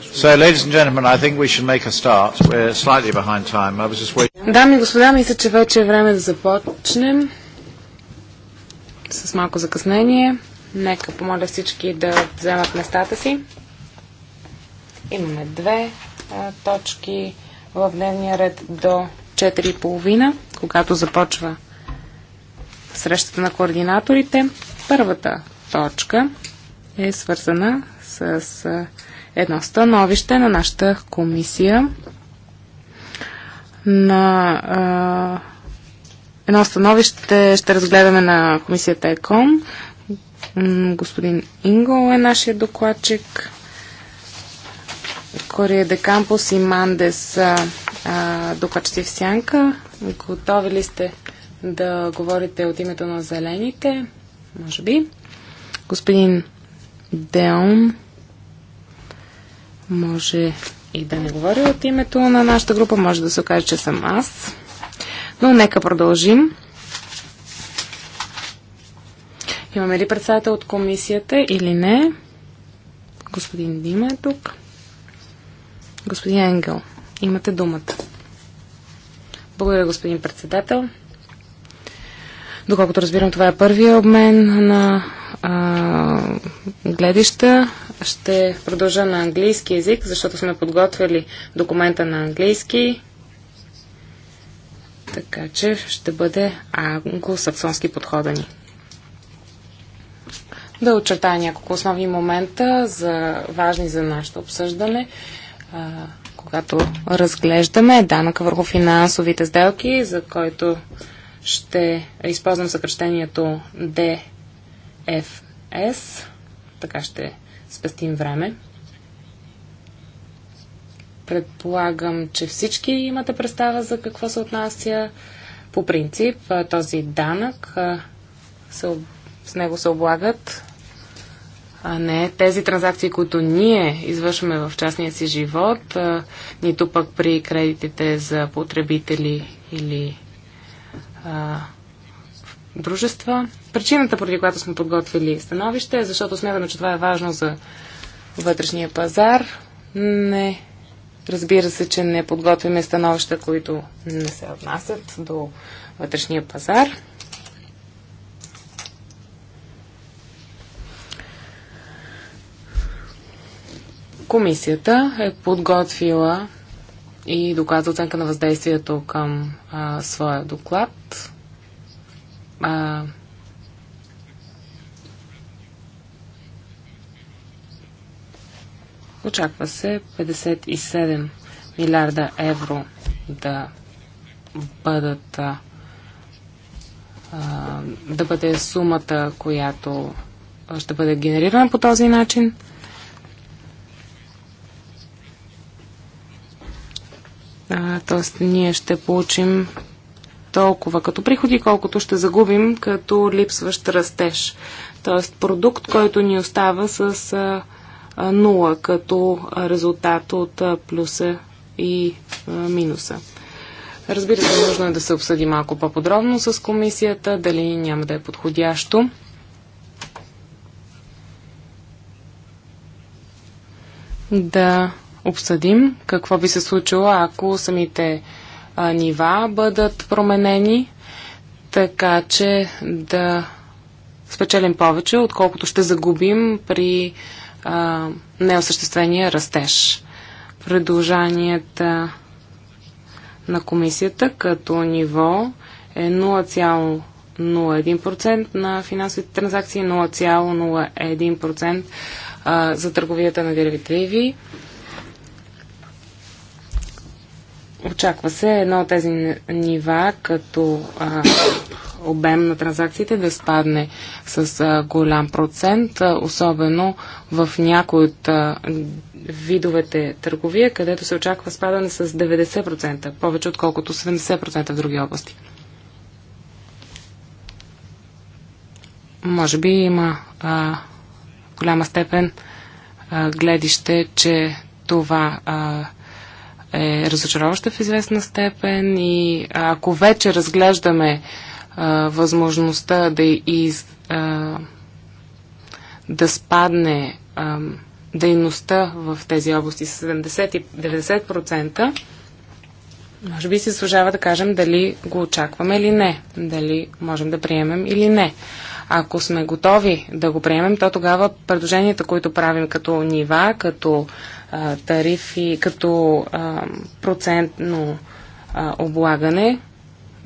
So, ladies and gentlemen, I think we should make a start. We're slightly behind time. I was just waiting. Дами и господа, мисля, че вече е време да започнем с малко закъснение. Нека помоля всички да вземат местата си. Имаме две а, точки в дневния ред до 4.30, когато започва срещата на координаторите. Първата точка е свързана с а, едно становище на нашата комисия на а, едно становище ще разгледаме на комисията ЕКОН. Господин Инго е нашия докладчик. Кория де Кампус и Мандес а, докладчици в сянка. Готови ли сте да говорите от името на зелените? Може би. Господин Деон може и да не говоря от името на нашата група, може да се окаже, че съм аз. Но нека продължим. Имаме ли председател от комисията или не? Господин Дима е тук. Господин Енгел, имате думата. Благодаря, господин председател. Доколкото разбирам, това е първия обмен на а, гледища. Ще продължа на английски язик, защото сме подготвили документа на английски. Така че ще бъде англосаксонски подходани. Да очертая няколко основни момента, за, важни за нашето обсъждане, а, когато разглеждаме данъка върху финансовите сделки, за който ще използвам съкръщението DFS. Така ще спестим време. Предполагам, че всички имате представа за какво се отнася. По принцип, този данък се, с него се облагат а не тези транзакции, които ние извършваме в частния си живот, нито пък при кредитите за потребители или а, дружества. Причината, поради която сме подготвили становище, е защото смятаме, че това е важно за вътрешния пазар. Не, разбира се, че не подготвяме становища, които не се отнасят до вътрешния пазар. Комисията е подготвила и доклад за оценка на въздействието към а, своя доклад. А, очаква се 57 милиарда евро да бъдат а, да бъде сумата, която ще бъде генерирана по този начин. Т.е. ние ще получим толкова като приходи, колкото ще загубим като липсващ растеж. Т.е. продукт, който ни остава с а, нула като резултат от а, плюса и а, минуса. Разбира се, нужно е да се обсъди малко по-подробно с комисията, дали няма да е подходящо. Да обсъдим какво би се случило, ако самите а, нива бъдат променени, така че да спечелим повече, отколкото ще загубим при а, неосъществения растеж. Предложанията на комисията като ниво е 0,01% на финансовите транзакции, 0,01% за търговията на деривативи Очаква се едно от тези нива, като а, обем на транзакциите да спадне с а, голям процент, а, особено в някои от а, видовете търговия, където се очаква спадане с 90%, повече отколкото 70% в други области. Може би има а, голяма степен а, гледище, че това а, е разочароваща в известна степен и ако вече разглеждаме а, възможността да, из, а, да спадне а, дейността в тези области с 70-90%, може би се служава да кажем дали го очакваме или не, дали можем да приемем или не. Ако сме готови да го приемем, то тогава предложенията, които правим като нива, като тарифи, като а, процентно а, облагане,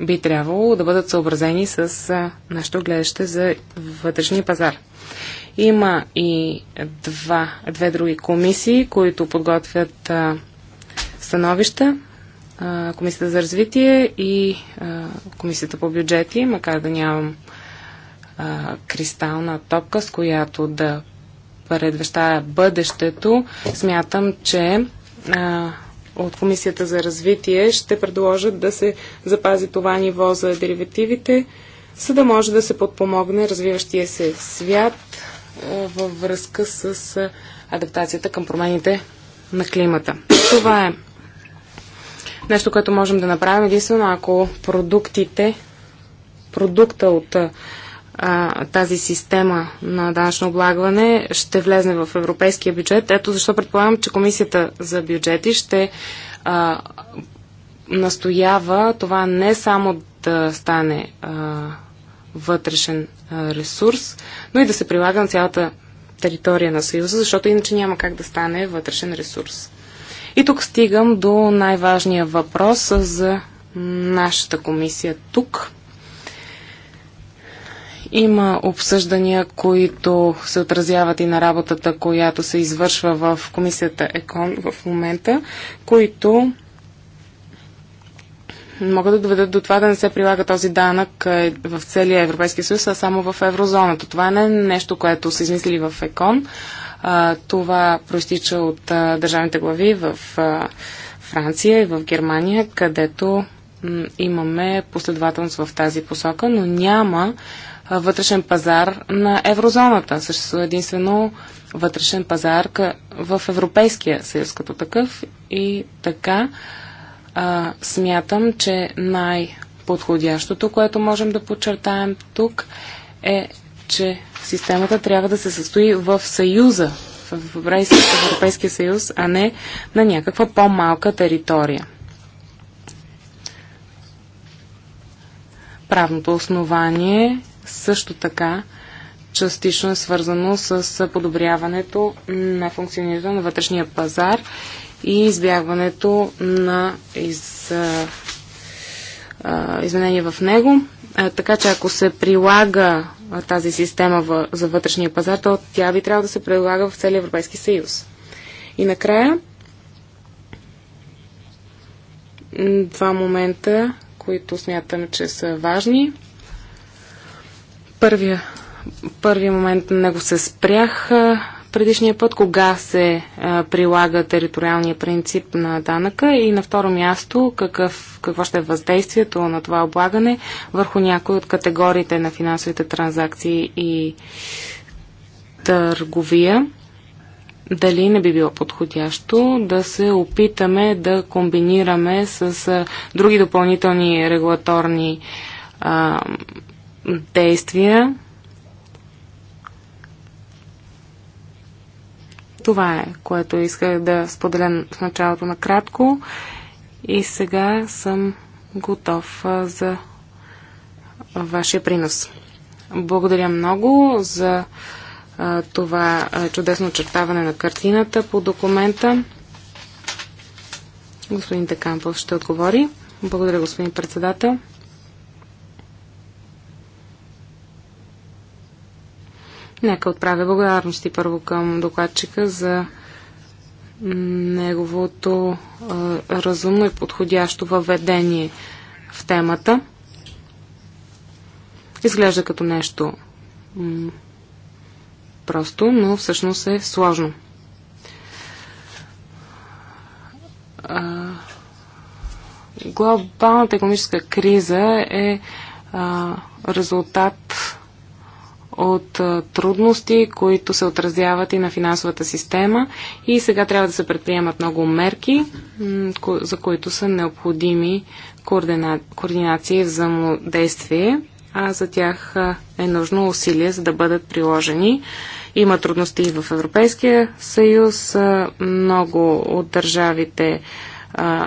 би трябвало да бъдат съобразени с а, нашето гледаще за вътрешния пазар. Има и два, две други комисии, които подготвят а, становища. А, комисията за развитие и а, Комисията по бюджети, макар да нямам а, кристална топка, с която да предвещая бъдещето, смятам, че а, от Комисията за развитие ще предложат да се запази това ниво за деривативите, за да може да се подпомогне развиващия се свят а, във връзка с а, адаптацията към промените на климата. Това е нещо, което можем да направим единствено ако продуктите, продукта от а, тази система на данъчно облагване ще влезне в европейския бюджет. Ето защо предполагам, че комисията за бюджети ще а, настоява това не само да стане а, вътрешен а, ресурс, но и да се прилага на цялата територия на Съюза, защото иначе няма как да стане вътрешен ресурс. И тук стигам до най-важния въпрос за нашата комисия тук – има обсъждания, които се отразяват и на работата, която се извършва в комисията ЕКОН в момента, които могат да доведат до това да не се прилага този данък е, в целия Европейски съюз, а само в еврозоната. Това не е нещо, което са измислили в ЕКОН. Това проистича от държавните глави в Франция и в Германия, където имаме последователност в тази посока, но няма вътрешен пазар на еврозоната. Съществува единствено вътрешен пазар в Европейския съюз като такъв и така а, смятам, че най-подходящото, което можем да подчертаем тук е, че системата трябва да се състои в съюза, в Европейския, в Европейския съюз, а не на някаква по-малка територия. Правното основание също така частично е свързано с подобряването на функционирането на вътрешния пазар и избягването на из, а, изменения в него. А, така че ако се прилага а, тази система в, за вътрешния пазар, то тя би трябвало да се прилага в целия Европейски съюз. И накрая два момента, които смятам, че са важни първия, първия момент на него се спрях предишния път, кога се а, прилага териториалния принцип на данъка и на второ място какъв, какво ще е въздействието на това облагане върху някои от категориите на финансовите транзакции и търговия. Дали не би било подходящо да се опитаме да комбинираме с а, други допълнителни регулаторни а, действия. Това е, което исках да споделя в началото на кратко. И сега съм готов за вашия принос. Благодаря много за това чудесно очертаване на картината по документа. Господин Декампов ще отговори. Благодаря, господин председател. Нека отправя благодарности първо към докладчика за неговото а, разумно и подходящо въведение в темата. Изглежда като нещо просто, но всъщност е сложно. А, глобалната економическа криза е а, резултат от трудности, които се отразяват и на финансовата система. И сега трябва да се предприемат много мерки, за които са необходими координа... координации и взаимодействие, а за тях е нужно усилие, за да бъдат приложени. Има трудности и в Европейския съюз. Много от държавите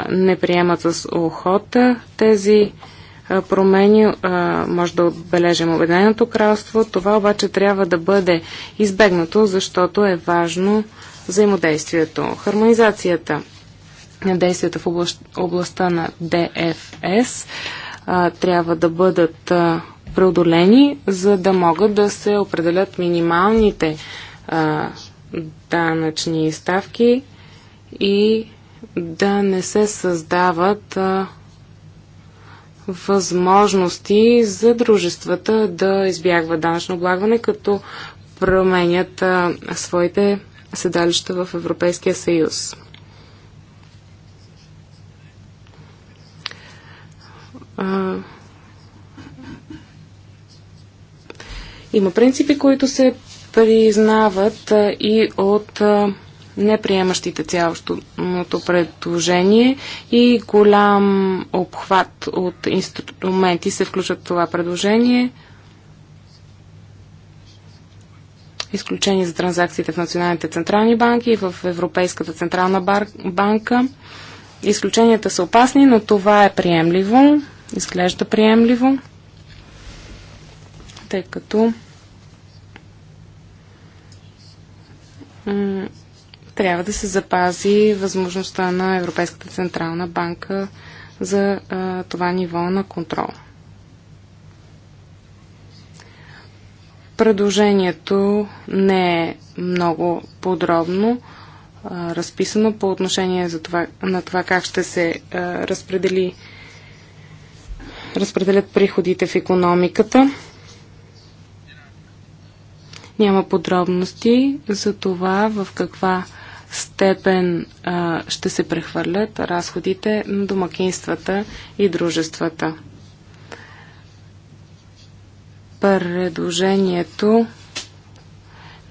не приемат с охота тези промени може да отбележим Обединеното кралство. Това обаче трябва да бъде избегнато, защото е важно взаимодействието. Хармонизацията на действията в областта на ДФС трябва да бъдат преодолени, за да могат да се определят минималните данъчни ставки и да не се създават а, възможности за дружествата да избягват данъчно облагване, като променят а, своите седалища в Европейския съюз. А, има принципи, които се признават а, и от а, неприемащите цялостното предложение и голям обхват от инструменти се включват в това предложение. Изключение за транзакциите в националните централни банки и в Европейската централна банка. Изключенията са опасни, но това е приемливо. Изглежда приемливо. Тъй като трябва да се запази възможността на Европейската централна банка за а, това ниво на контрол. Предложението не е много подробно а, разписано по отношение за това, на това как ще се а, разпредели, разпределят приходите в економиката. Няма подробности за това в каква степен а, ще се прехвърлят разходите на домакинствата и дружествата. Предложението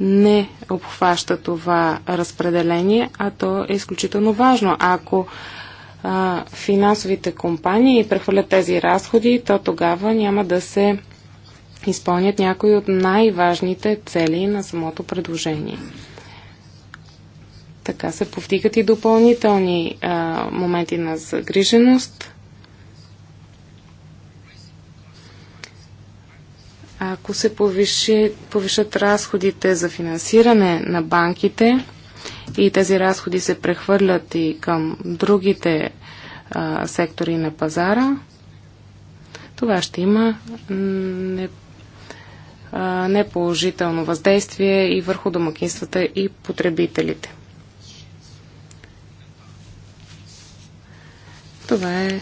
не обхваща това разпределение, а то е изключително важно. Ако а, финансовите компании прехвърлят тези разходи, то тогава няма да се изпълнят някои от най-важните цели на самото предложение. Така се повдигат и допълнителни а, моменти на загриженост. Ако се повиши, повишат разходите за финансиране на банките и тези разходи се прехвърлят и към другите а, сектори на пазара, това ще има не, а, неположително въздействие и върху домакинствата и потребителите. Това е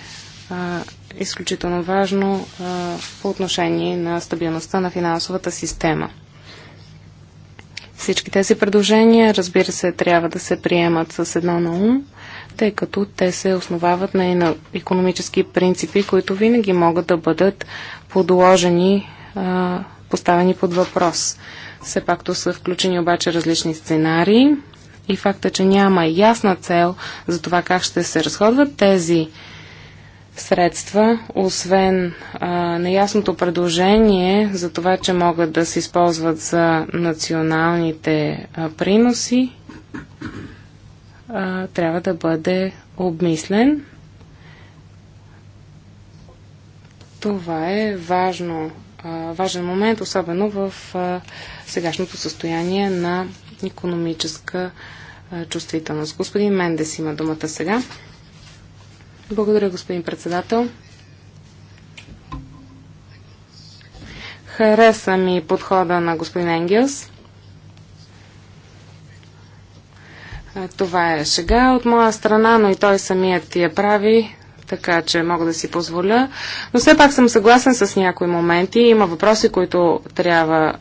а, изключително важно а, по отношение на стабилността на финансовата система. Всички тези предложения, разбира се, трябва да се приемат с едно на ум, тъй като те се основават на, на економически принципи, които винаги могат да бъдат подложени, а, поставени под въпрос. Все пак са включени обаче различни сценарии, и факта, че няма ясна цел за това как ще се разходват тези средства, освен а, неясното предложение за това, че могат да се използват за националните а, приноси, а, трябва да бъде обмислен. Това е важно, а, важен момент, особено в а, сегашното състояние на економическа чувствителност. Господин Мендес има думата сега. Благодаря, господин председател. Хареса ми подхода на господин Енгелс. Това е шега от моя страна, но и той самият я прави така че мога да си позволя. Но все пак съм съгласен с някои моменти. Има въпроси, които трябва,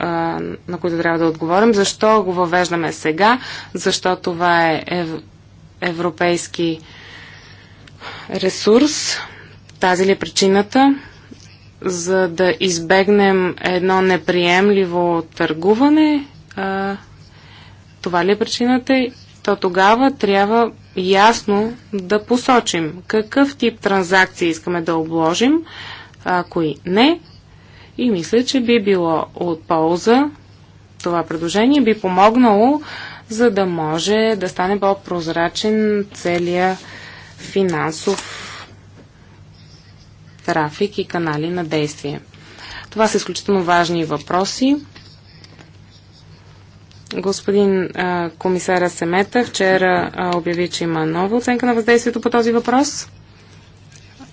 на които трябва да отговорим. Защо го въвеждаме сега? Защо това е европейски ресурс? Тази ли е причината? За да избегнем едно неприемливо търгуване, това ли е причината? То тогава трябва ясно да посочим какъв тип транзакции искаме да обложим, а кои не. И мисля, че би било от полза това предложение, би помогнало, за да може да стане по-прозрачен целия финансов трафик и канали на действие. Това са изключително важни въпроси. Господин а, комисара Семета вчера а, обяви, че има нова оценка на въздействието по този въпрос.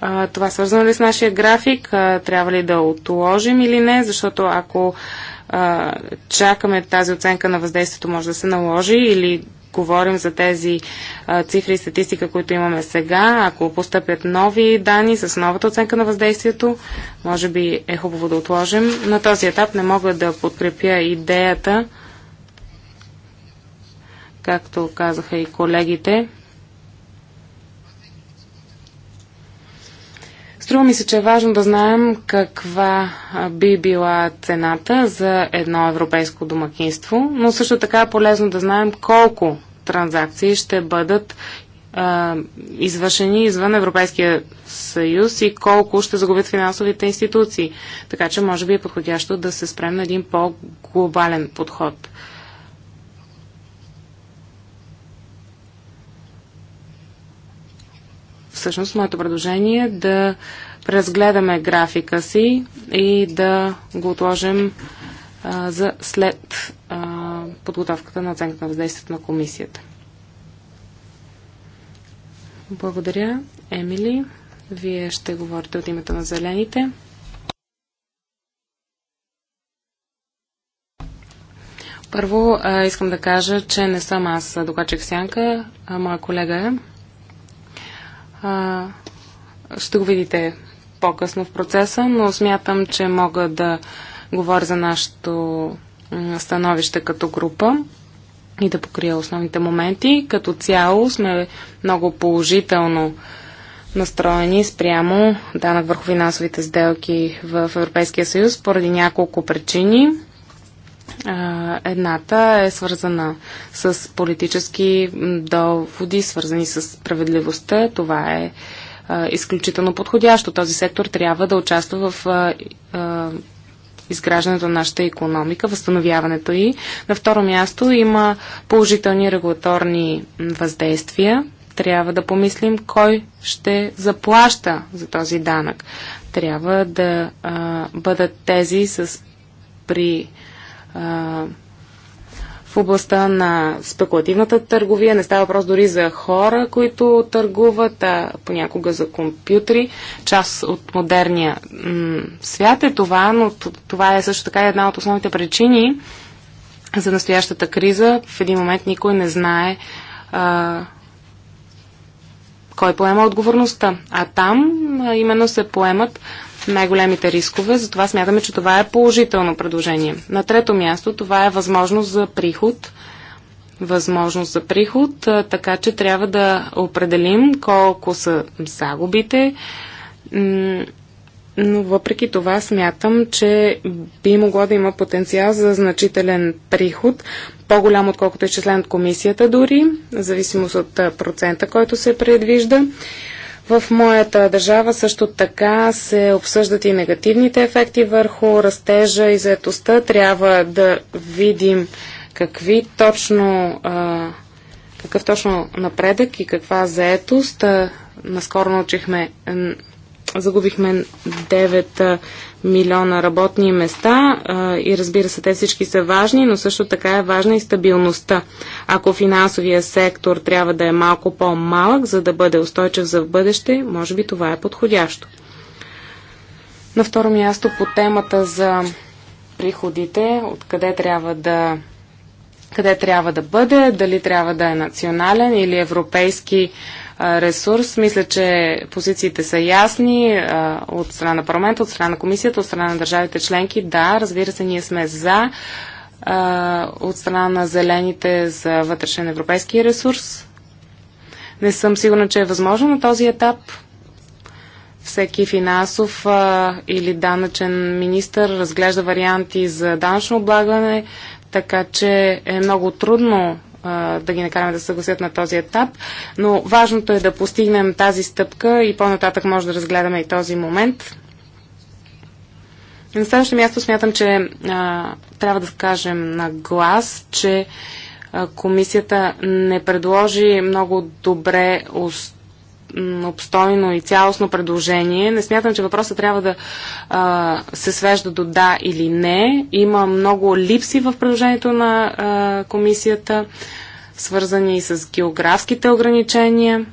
А, това свързано ли с нашия график? А, трябва ли да отложим или не? Защото ако а, чакаме тази оценка на въздействието, може да се наложи или говорим за тези а, цифри и статистика, които имаме сега, ако постъпят нови данни с новата оценка на въздействието, може би е хубаво да отложим. На този етап не мога да подкрепя идеята както казаха и колегите. Струва ми се, че е важно да знаем каква би била цената за едно европейско домакинство, но също така е полезно да знаем колко транзакции ще бъдат а, извършени извън Европейския съюз и колко ще загубят финансовите институции. Така че може би е подходящо да се спрем на един по-глобален подход. всъщност моето предложение е да разгледаме графика си и да го отложим а, за след а, подготовката на оценката на въздействието на комисията. Благодаря. Емили, вие ще говорите от името на зелените. Първо а, искам да кажа, че не съм аз докладчик Сянка, а моя колега е. А, ще го видите по-късно в процеса, но смятам, че мога да говоря за нашето становище като група и да покрия основните моменти. Като цяло сме много положително настроени спрямо данък върху финансовите сделки в Европейския съюз поради няколко причини. Едната е свързана с политически доводи, свързани с справедливостта. Това е изключително подходящо. Този сектор трябва да участва в изграждането на нашата економика, възстановяването и. На второ място има положителни регулаторни въздействия. Трябва да помислим кой ще заплаща за този данък. Трябва да а, бъдат тези с при в областта на спекулативната търговия. Не става въпрос дори за хора, които търгуват, а понякога за компютри. Част от модерния свят е това, но това е също така една от основните причини за настоящата криза. В един момент никой не знае а, кой поема отговорността. А там а, именно се поемат най-големите рискове, затова смятаме, че това е положително предложение. На трето място това е възможност за приход. Възможност за приход, така че трябва да определим колко са загубите. Но въпреки това смятам, че би могло да има потенциал за значителен приход, по-голям отколкото е изчислен от комисията дори, в зависимост от процента, който се предвижда. В моята държава също така се обсъждат и негативните ефекти върху растежа и заетостта. Трябва да видим какви точно, какъв точно напредък и каква заетост. наскоро научихме, загубихме 9 милиона работни места и разбира се, те всички са важни, но също така е важна и стабилността. Ако финансовия сектор трябва да е малко по-малък, за да бъде устойчив за бъдеще, може би това е подходящо. На второ място по темата за приходите, откъде трябва да къде трябва да бъде, дали трябва да е национален или европейски ресурс. Мисля, че позициите са ясни от страна на парламента, от страна на комисията, от страна на държавите членки. Да, разбира се, ние сме за от страна на зелените за вътрешен европейски ресурс. Не съм сигурна, че е възможно на този етап всеки финансов а, или данъчен министр разглежда варианти за данъчно облагане, така че е много трудно да ги накараме да се съгласят на този етап, но важното е да постигнем тази стъпка и по-нататък може да разгледаме и този момент. На следващото място смятам, че а, трябва да кажем на глас, че а, комисията не предложи много добре устойчиво обстойно и цялостно предложение. Не смятам, че въпросът трябва да а, се свежда до да или не. Има много липси в предложението на а, комисията, свързани с географските ограничения.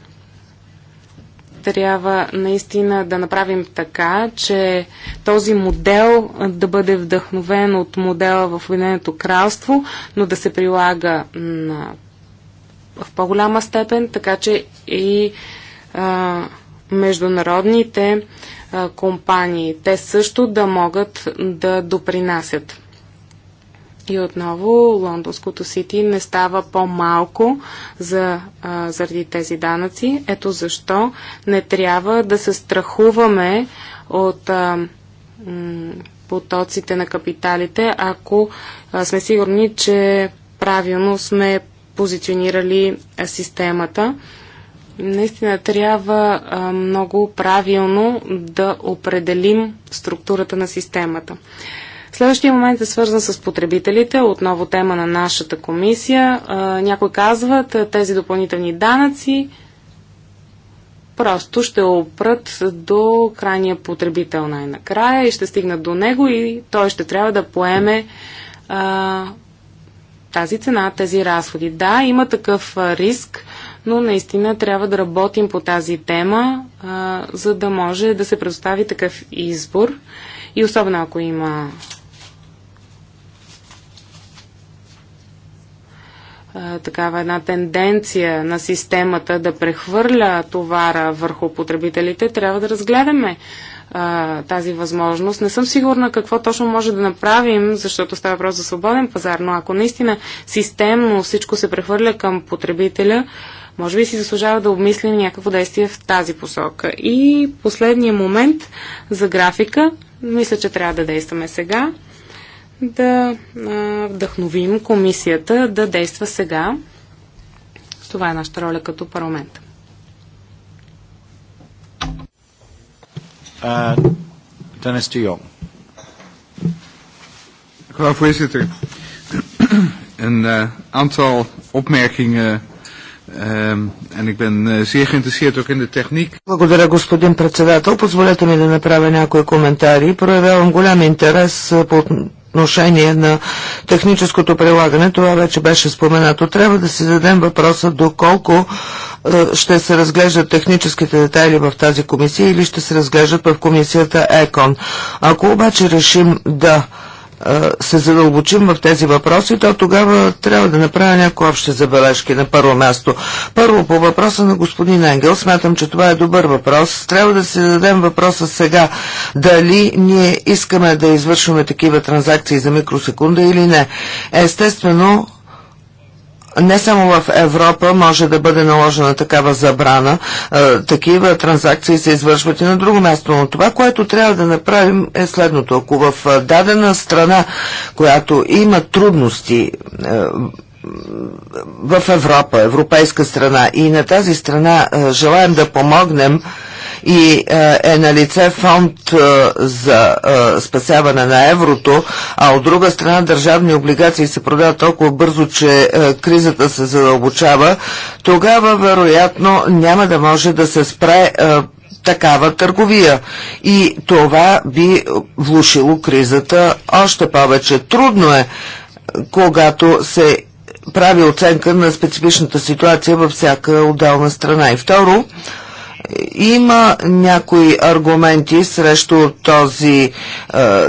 Трябва наистина да направим така, че този модел да бъде вдъхновен от модела в Уединеното кралство, но да се прилага на в по-голяма степен, така че и а, международните а, компании. Те също да могат да допринасят. И отново лондонското сити не става по-малко за, а, заради тези данъци. Ето защо не трябва да се страхуваме от а, потоците на капиталите, ако а, сме сигурни, че правилно сме позиционирали системата. Наистина трябва а, много правилно да определим структурата на системата. Следващия момент е свързан с потребителите, отново тема на нашата комисия. А, някой казват, тези допълнителни данъци просто ще опрат до крайния потребител най-накрая и ще стигнат до него и той ще трябва да поеме а, тази цена, тези разходи. Да, има такъв риск но наистина трябва да работим по тази тема, а, за да може да се предостави такъв избор. И особено ако има такава една тенденция на системата да прехвърля товара върху потребителите, трябва да разгледаме а, тази възможност. Не съм сигурна какво точно може да направим, защото става въпрос за свободен пазар, но ако наистина системно всичко се прехвърля към потребителя, може би си заслужава да обмислим някакво действие в тази посока. И последния момент за графика. Мисля, че трябва да действаме сега. Да а, вдъхновим комисията да действа сега. Това е нашата роля като парламент. Uh, Dennis de Jong. Mevrouw voorzitter, een uh, aantal opmerkingen en ik ben zeer geïnteresseerd ook in de techniek. Благодаря господин председател. Позволете ми да направя някои коментари. Проявявам голям интерес по отношение на техническото прилагане, това вече беше споменато. Трябва да си зададем въпроса доколко е, ще се разглеждат техническите детайли в тази комисия или ще се разглеждат в комисията ЕКОН. Ако обаче решим да се задълбочим в тези въпроси, то тогава трябва да направя някои общи забележки на първо място. Първо, по въпроса на господин Енгел, смятам, че това е добър въпрос. Трябва да си зададем въпроса сега, дали ние искаме да извършваме такива транзакции за микросекунда или не. Естествено, не само в Европа може да бъде наложена такава забрана. Е, такива транзакции се извършват и на друго място. Но това, което трябва да направим е следното. Ако в е, дадена страна, която има трудности е, в Европа, европейска страна. И на тази страна е, желаем да помогнем и е, е на лице фонд е, за спасяване на еврото, а от друга страна държавни облигации се продават толкова бързо, че кризата се задълбочава, тогава вероятно няма да може да се спре такава търговия. И това би влушило кризата още повече. Трудно е когато се прави оценка на специфичната ситуация във всяка отделна страна. И второ, има някои аргументи срещу този е,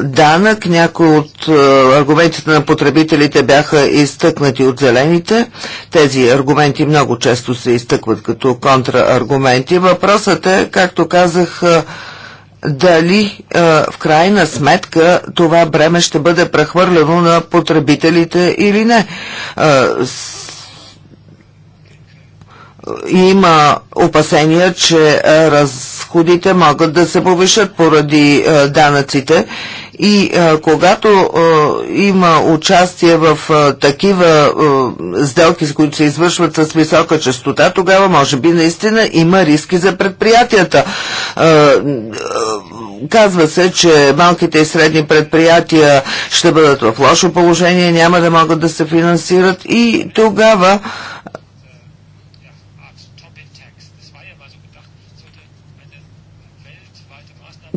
данък. Някои от е, аргументите на потребителите бяха изтъкнати от зелените. Тези аргументи много често се изтъкват като контрааргументи. Въпросът е, както казах, е, дали а, в крайна сметка това бреме ще бъде прехвърлено на потребителите или не. А, с... Има опасения, че разходите могат да се повишат поради данъците и а, е, когато а, е, има участие в а, е, такива а, сделки, с които се извършват с висока частота, тогава може би наистина има риски за предприятията. А, а, казва се, че малките и средни предприятия ще бъдат в лошо положение, няма да могат да се финансират и тогава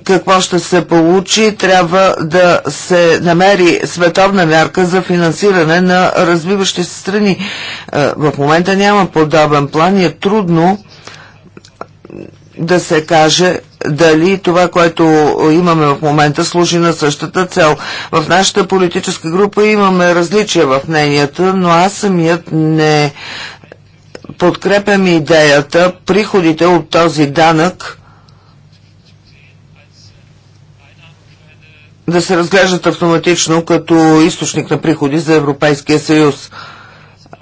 какво ще се получи, трябва да се намери световна мярка за финансиране на развиващи се страни. Е, в момента няма подобен план и е трудно да се каже дали това, което имаме в момента, служи на същата цел. В нашата политическа група имаме различия в мненията, но аз самият не подкрепям идеята приходите от този данък да се разглеждат автоматично като източник на приходи за Европейския съюз.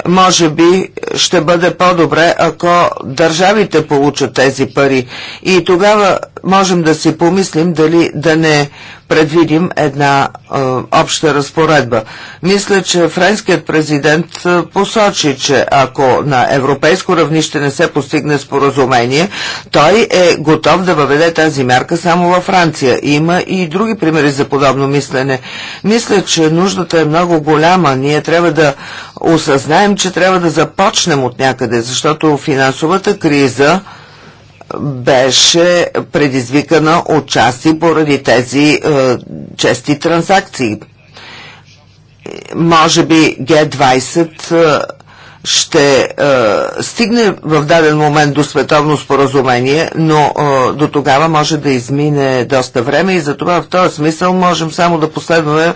Може би ще бъде по-добре, ако държавите получат тези пари. И тогава можем да си помислим дали да не предвидим една е, обща разпоредба. Мисля, че френският президент посочи, че ако на европейско равнище не се постигне споразумение, той е готов да въведе тази мярка само във Франция. Има и други примери за подобно мислене. Мисля, че нуждата е много голяма. Ние трябва да осъзнаем, че трябва да започнем от някъде, защото финансовата криза беше предизвикана от части поради тези е, чести транзакции. Може би Г20 е, ще е, стигне в даден момент до световно споразумение, но е, до тогава може да измине доста време и затова в този смисъл можем само да последваме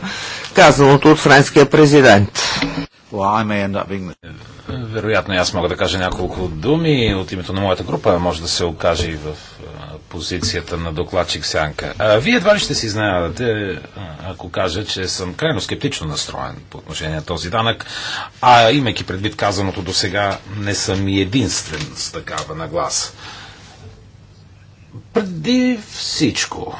казаното от френския президент. Вероятно аз мога да кажа няколко думи от името на моята група, може да се окаже и в позицията на докладчик Сянка. А, вие едва ли ще си знаете, ако кажа, че съм крайно скептично настроен по отношение на този данък, а имайки предвид казаното до сега, не съм и единствен с такава нагласа. Преди всичко,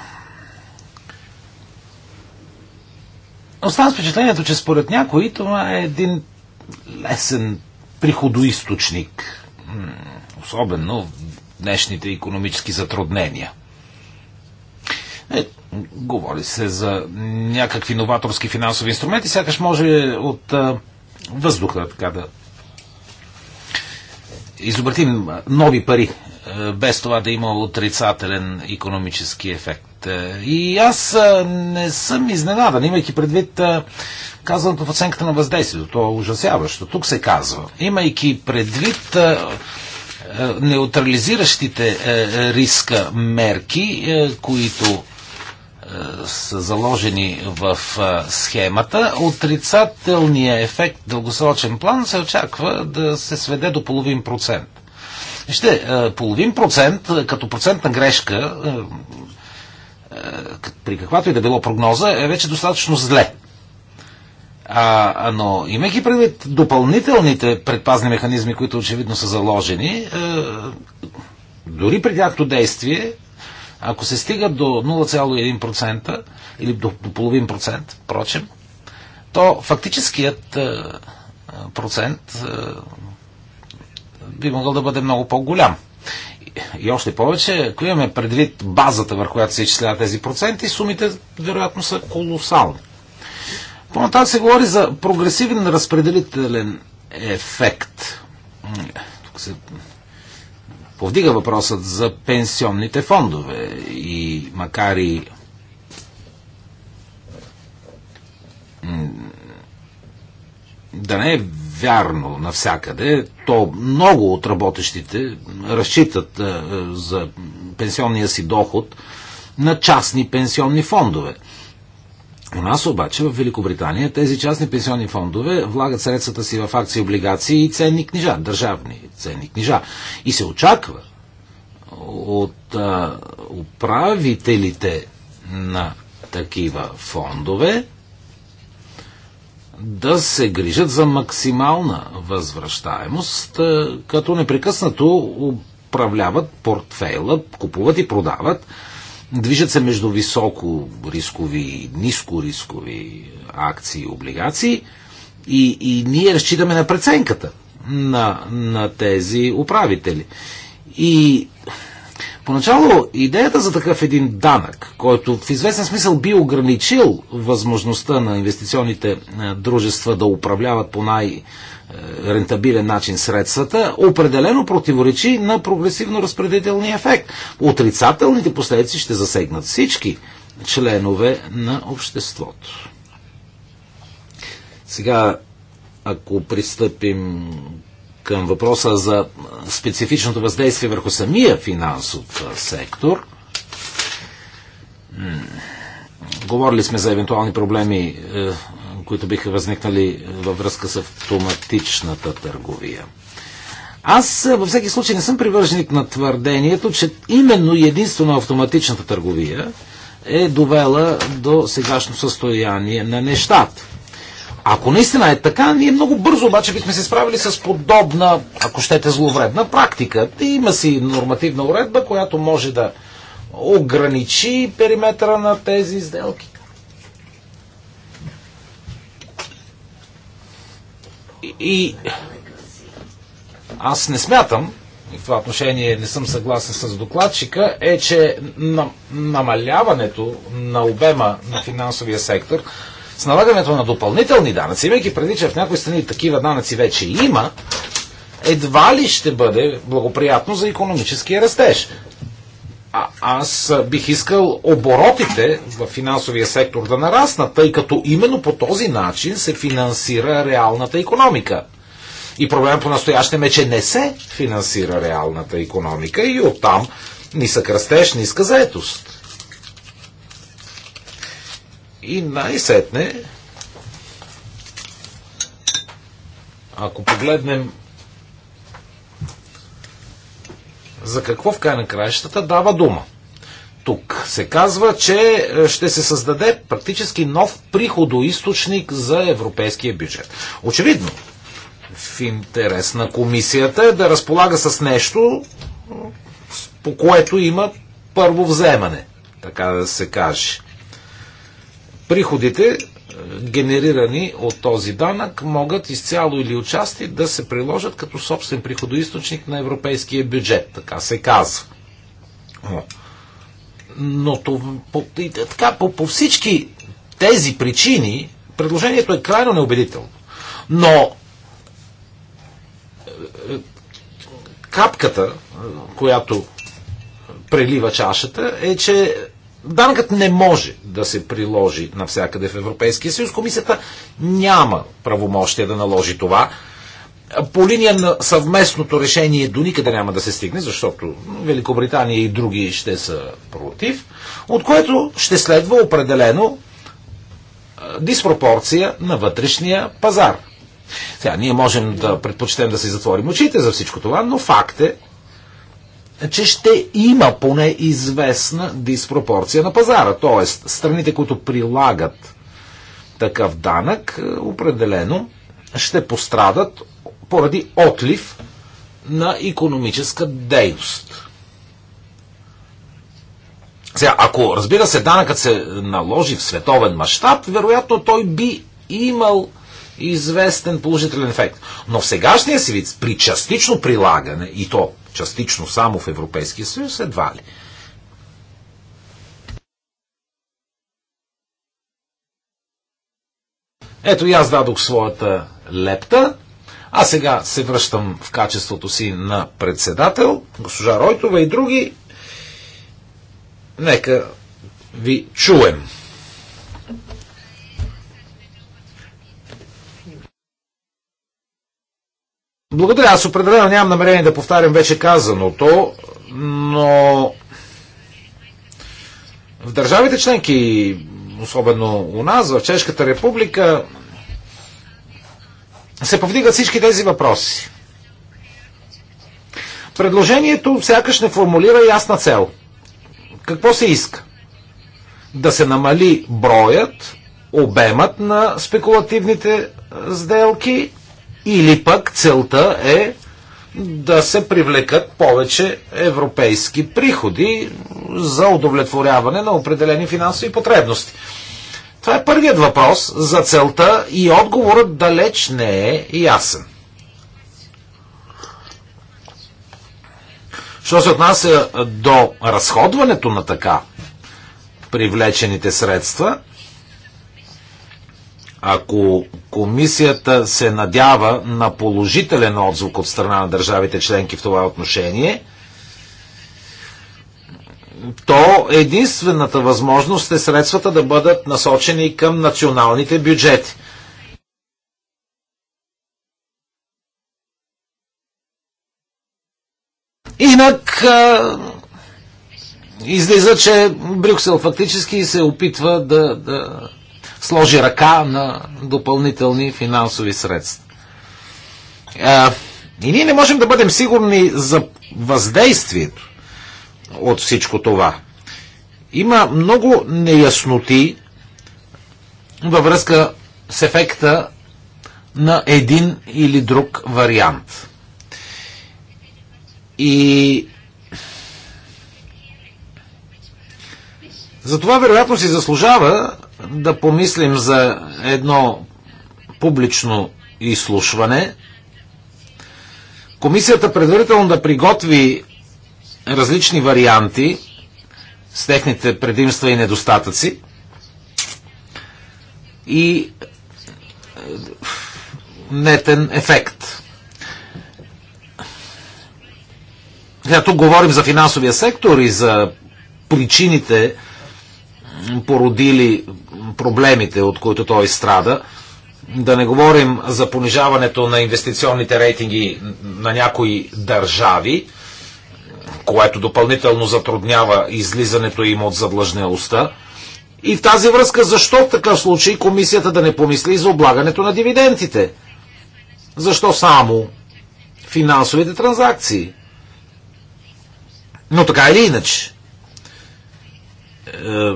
Оставам с впечатлението, че според някои това е един лесен приходоисточник, особено в днешните економически затруднения. Е, говори се за някакви новаторски финансови инструменти, сякаш може от а, въздуха така да изобретим нови пари, без това да има отрицателен економически ефект. Е, и аз е, не съм изненадан, имайки предвид е, казаното в оценката на въздействието. То е ужасяващо. Тук се казва. Имайки предвид неутрализиращите риска мерки, които са заложени в схемата, отрицателният ефект в дългосрочен план се очаква да се сведе до половин процент. Вижте, половин процент като процентна грешка е, при каквато и да било прогноза, е вече достатъчно зле. А, но имайки предвид допълнителните предпазни механизми, които очевидно са заложени, е, дори при тяхто действие, ако се стига до 0,1% или до, до половин процент, впрочем, то фактическият е, процент е, би могъл да бъде много по-голям и още повече, ако имаме предвид базата, върху която се изчисляват тези проценти, сумите вероятно са колосални. По-нататък се говори за прогресивен разпределителен ефект. Тук се повдига въпросът за пенсионните фондове и макар и да не е вярно навсякъде. То много от работещите разчитат е, е, за пенсионния си доход на частни пенсионни фондове. У нас обаче в Великобритания тези частни пенсионни фондове влагат средствата си в акции, облигации и ценни книжа, държавни ценни книжа. И се очаква от а, е, управителите на такива фондове да се грижат за максимална възвръщаемост, е, като непрекъснато управляват портфейла, купуват и продават, движат се между високо рискови и ниско рискови акции и облигации и, и ние разчитаме на преценката на, на тези управители. И Поначало идеята за такъв един данък, който в известен смисъл би ограничил възможността на инвестиционните е, дружества да управляват по най- рентабилен начин средствата, определено противоречи на прогресивно разпределителния ефект. Отрицателните последици ще засегнат всички членове на обществото. Сега, ако пристъпим към въпроса за специфичното въздействие върху самия финансов сектор. Говорили сме за евентуални проблеми, е, които биха възникнали във връзка с автоматичната търговия. Аз е, във всеки случай не съм привърженик на твърдението, че именно единствено автоматичната търговия е довела до сегашно състояние на нещата. Ако наистина е така, ние много бързо обаче бихме се справили с подобна, ако щете, зловредна практика. Има си нормативна уредба, която може да ограничи периметъра на тези сделки. И аз не смятам, и в това отношение не съм съгласен с докладчика, е, че намаляването на обема на финансовия сектор с налагането на допълнителни данъци, имайки преди, че в някои страни такива данъци вече има, едва ли ще бъде благоприятно за економическия растеж. А, аз бих искал оборотите в финансовия сектор да нараснат, тъй като именно по този начин се финансира реалната економика. И проблемът по настоящем е, че не се финансира реалната економика и оттам нисък растеж, ниска заетост. И най-сетне, ако погледнем за какво в край на краищата дава дума. Тук се казва, че е, ще се създаде практически нов приходоисточник за европейския бюджет. Очевидно, в интерес на комисията е да разполага с нещо, по което има първо вземане, така да се каже. Приходите, е, генерирани от този данък, могат изцяло или отчасти да се приложат като собствен приходоисточник на европейския бюджет, така се казва. Но това, по, така, по, по всички тези причини предложението е крайно неубедително. Но е, е, капката, която прелива чашата, е, че Данъкът не може да се приложи навсякъде в Европейския съюз. Комисията няма правомощие да наложи това. По линия на съвместното решение до никъде няма да се стигне, защото Великобритания и други ще са против, от което ще следва определено диспропорция на вътрешния пазар. Сега, ние можем да предпочитаем да си затворим очите за всичко това, но факт е, че ще има поне известна диспропорция на пазара. Тоест, страните, които прилагат такъв данък, е, определено ще пострадат поради отлив на економическа дейност. Сега, ако разбира се, данъкът се наложи в световен мащаб, вероятно той би имал известен положителен ефект. Но в сегашния си вид, при частично прилагане, и то частично само в Европейския съюз, едва ли. Ето и аз дадох своята лепта, а сега се връщам в качеството си на председател, госпожа Ройтова и други. Нека ви чуем. Благодаря. Аз определено нямам намерение да повтарям вече казаното, но в държавите членки, особено у нас, в Чешката република, се повдигат всички тези въпроси. Предложението сякаш не формулира ясна цел. Какво се иска? Да се намали броят, обемът на спекулативните сделки – или пък целта е да се привлекат повече европейски приходи за удовлетворяване на определени финансови потребности. Това е първият въпрос за целта и отговорът далеч не е ясен. Що се отнася до разходването на така привлечените средства, ако комисията се надява на положителен отзвук от страна на държавите членки в това отношение, то единствената възможност е средствата да бъдат насочени към националните бюджети. Инак а, излиза, че Брюксел фактически се опитва да, да сложи ръка на допълнителни финансови средства. И ние не можем да бъдем сигурни за въздействието от всичко това. Има много неясноти във връзка с ефекта на един или друг вариант. И затова вероятно си заслужава да помислим за едно публично изслушване. Комисията предварително да приготви различни варианти с техните предимства и недостатъци и е, нетен ефект. Сега тук говорим за финансовия сектор и за причините, породили проблемите, от които той страда. Да не говорим за понижаването на инвестиционните рейтинги на някои държави, което допълнително затруднява излизането им от задлъжнялостта. И в тази връзка, защо в такъв случай комисията да не помисли за облагането на дивидендите? Защо само финансовите транзакции? Но така или иначе, е,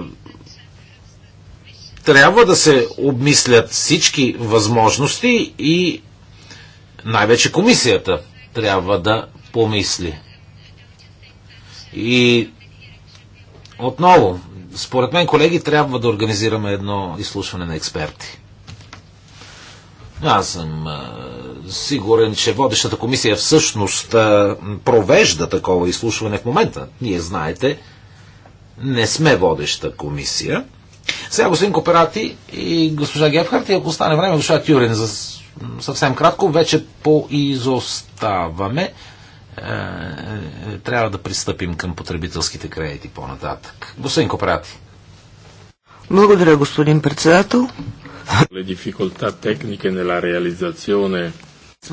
трябва да се обмислят всички възможности и най-вече комисията трябва да помисли. И отново, според мен, колеги, трябва да организираме едно изслушване на експерти. Аз съм а, сигурен, че водещата комисия всъщност а, провежда такова изслушване в момента. Ние знаете, не сме водеща комисия. Сега господин Коперати и госпожа Гефхарт и ако стане време, госпожа Тюрин, за съвсем кратко, вече поизоставаме. Е, е, трябва да пристъпим към потребителските кредити по-нататък. Господин Коперати. Благодаря, господин председател.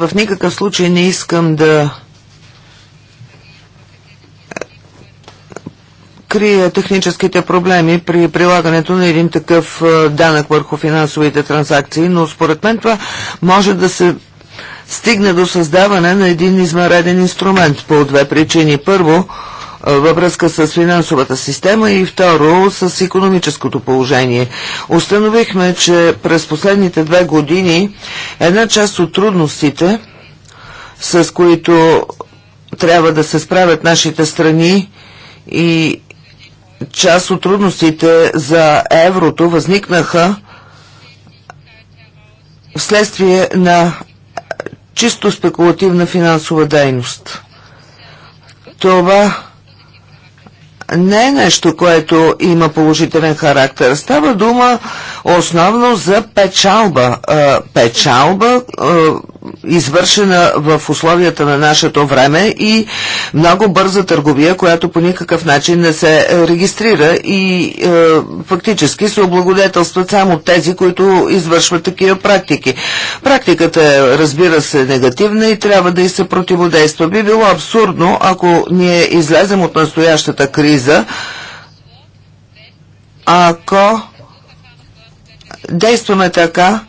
В никакъв случай не искам да открие техническите проблеми при прилагането на един такъв е, данък върху финансовите транзакции, но според мен това може да се стигне до създаване на един измереден инструмент по две причини. Първо, е, във връзка с финансовата система и второ с економическото положение. Установихме, че през последните две години една част от трудностите, с които трябва да се справят нашите страни и част от трудностите за еврото възникнаха вследствие на чисто спекулативна финансова дейност. Това не е нещо, което има положителен характер. Става дума основно за печалба. Е, печалба, е, извършена в условията на нашето време и много бърза търговия, която по никакъв начин не се е, регистрира и е, фактически се облагодетелстват само тези, които извършват такива практики. Практиката е, разбира се, негативна и трябва да и се противодейства. Би било абсурдно, ако ние излезем от настоящата криза, ако действаме така,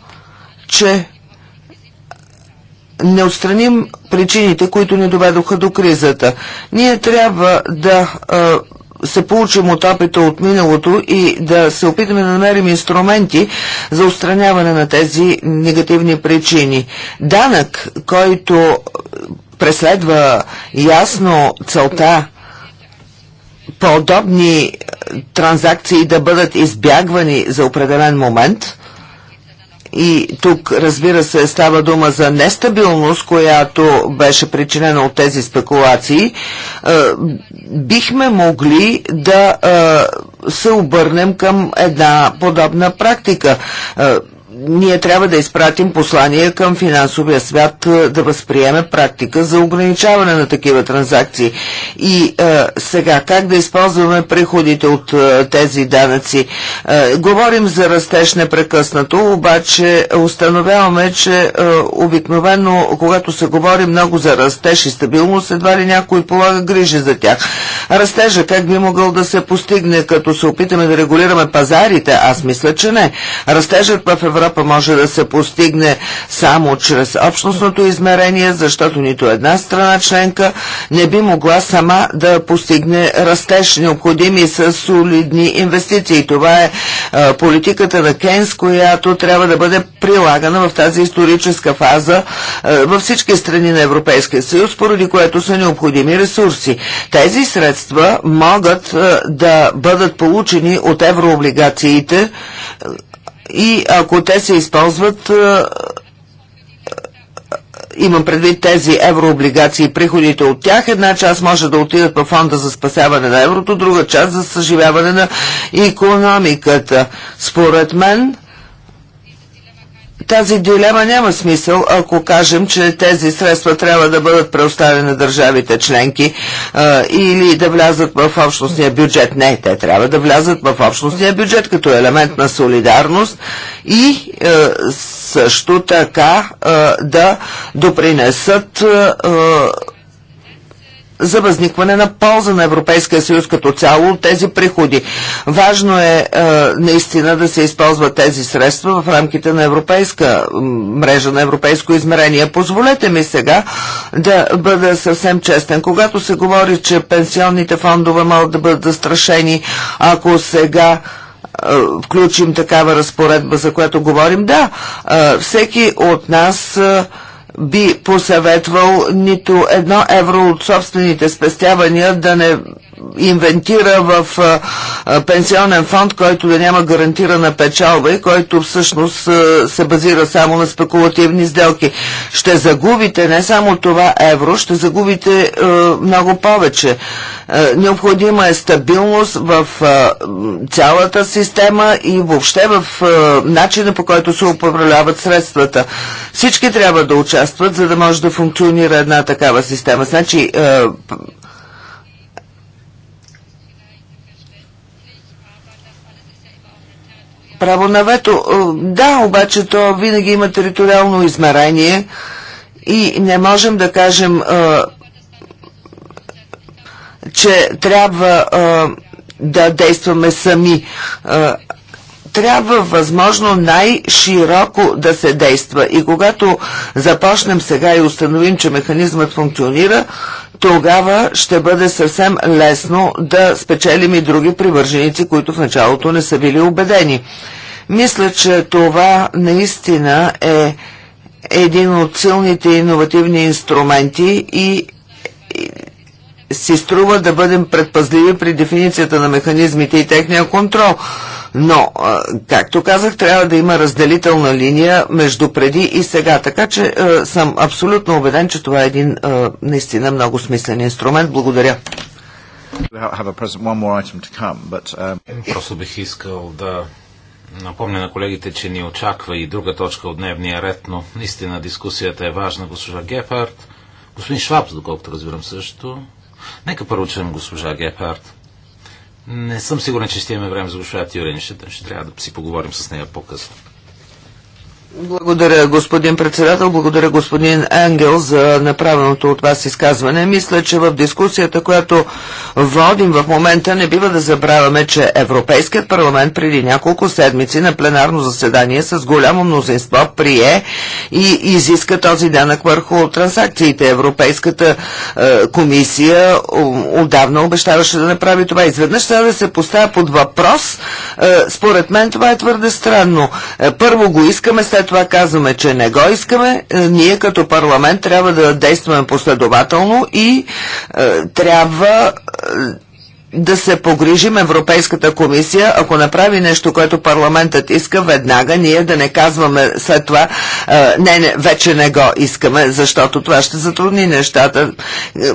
че не отстраним причините, които ни доведоха до кризата. Ние трябва да се получим от опита от миналото и да се опитаме да намерим инструменти за устраняване на тези негативни причини. Данък, който преследва ясно целта подобни транзакции да бъдат избягвани за определен момент, и тук, разбира се, става дума за нестабилност, която беше причинена от тези спекулации. Е, бихме могли да е, се обърнем към една подобна практика. Е, ние трябва да изпратим послание към финансовия свят е, да възприеме практика за ограничаване на такива транзакции. И е, сега, как да използваме приходите от е, тези данъци? Е, говорим за растеж непрекъснато, обаче установяваме, че е, обикновено, когато се говори много за растеж и стабилност, едва ли някой полага грижи за тях. Растежа как би могъл да се постигне, като се опитаме да регулираме пазарите? Аз мисля, че не. Растежът в Европа Европа може да се постигне само чрез общностното измерение, защото нито една страна членка не би могла сама да постигне растеж, необходими с солидни инвестиции. Това е политиката на Кейнс, която трябва да бъде прилагана в тази историческа фаза във всички страни на Европейския съюз, поради което са необходими ресурси. Тези средства могат да бъдат получени от еврооблигациите, и ако те се използват имам предвид тези еврооблигации и приходите от тях, една част може да отидат по фонда за спасяване на еврото, друга част за съживяване на економиката. Според мен тази дилема няма смисъл, ако кажем, че тези средства трябва да бъдат преоставени на държавите членки а, или да влязат в общностния бюджет. Не, те трябва да влязат в общностния бюджет като елемент на солидарност и а, също така а, да допринесат а, за възникване на полза на Европейския съюз като цяло от тези приходи. Важно е, е наистина да се използват тези средства в рамките на европейска мрежа, на европейско измерение. Позволете ми сега да бъда съвсем честен. Когато се говори, че пенсионните фондове могат да бъдат застрашени, ако сега е, включим такава разпоредба, за която говорим. Да, е, всеки от нас е, би посъветвал нито едно евро от собствените спестявания да не инвентира в а, пенсионен фонд, който да няма гарантирана печалба и който всъщност а, се базира само на спекулативни сделки. Ще загубите не само това евро, ще загубите а, много повече. Необходима е стабилност в цялата система и въобще в начина по който се управляват средствата. Всички трябва да участват, за да може да функционира една такава система. Значи Право на вето. Е, да, обаче то винаги има териториално измерение и не можем да кажем, е, че трябва е, да действаме сами. Трябва възможно най-широко да се действа. И когато започнем сега и установим, че механизмът функционира, тогава ще бъде съвсем лесно да спечелим и други привърженици, които в началото не са били убедени. Мисля, че това наистина е един от силните иновативни инструменти и, и си струва да бъдем предпазливи при дефиницията на механизмите и техния контрол. Но, както казах, трябва да има разделителна линия между преди и сега. Така че съм абсолютно убеден, че това е един наистина много смислен инструмент. Благодаря. Um, Просто бих искал да напомня на колегите, че ни очаква и друга точка от дневния ред, но наистина дискусията е важна. Госпожа Гефард. господин Швабс, доколкото разбирам също. Нека поручим госпожа Гефард. Не съм сигурен, че ще имаме време за госпожа Тюрин. Ще, ще трябва да си поговорим с нея по-късно. Благодаря, господин председател. Благодаря, господин Ангел, за направеното от вас изказване. Мисля, че в дискусията, която водим в момента, не бива да забравяме, че Европейският парламент преди няколко седмици на пленарно заседание с голямо мнозинство прие и изиска този данък върху транзакциите. Европейската е, комисия отдавна обещаваше да направи това. Изведнъж трябва да се поставя под въпрос. Е, според мен това е твърде странно. Е, първо го искаме, след това казваме, че не го искаме, е, ние като парламент трябва да действаме последователно и е, трябва е, да се погрижим Европейската комисия, ако направи нещо, което парламентът иска, веднага ние да не казваме след това, е, не, не, вече не го искаме, защото това ще затрудни нещата.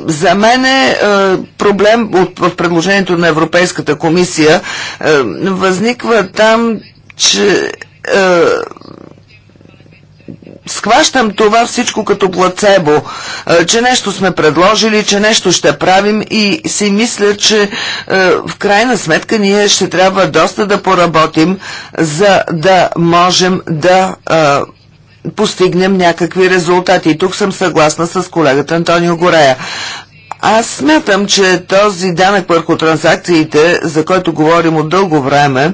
За мен е проблем от, в предложението на Европейската комисия възниква там, че схващам това всичко като плацебо, е, че нещо сме предложили, че нещо ще правим и си мисля, че е, в крайна сметка ние ще трябва доста да поработим, за да можем да е, постигнем някакви резултати. И тук съм съгласна с колегата Антонио Горея. Аз смятам, че този данък върху транзакциите, за който говорим от дълго време,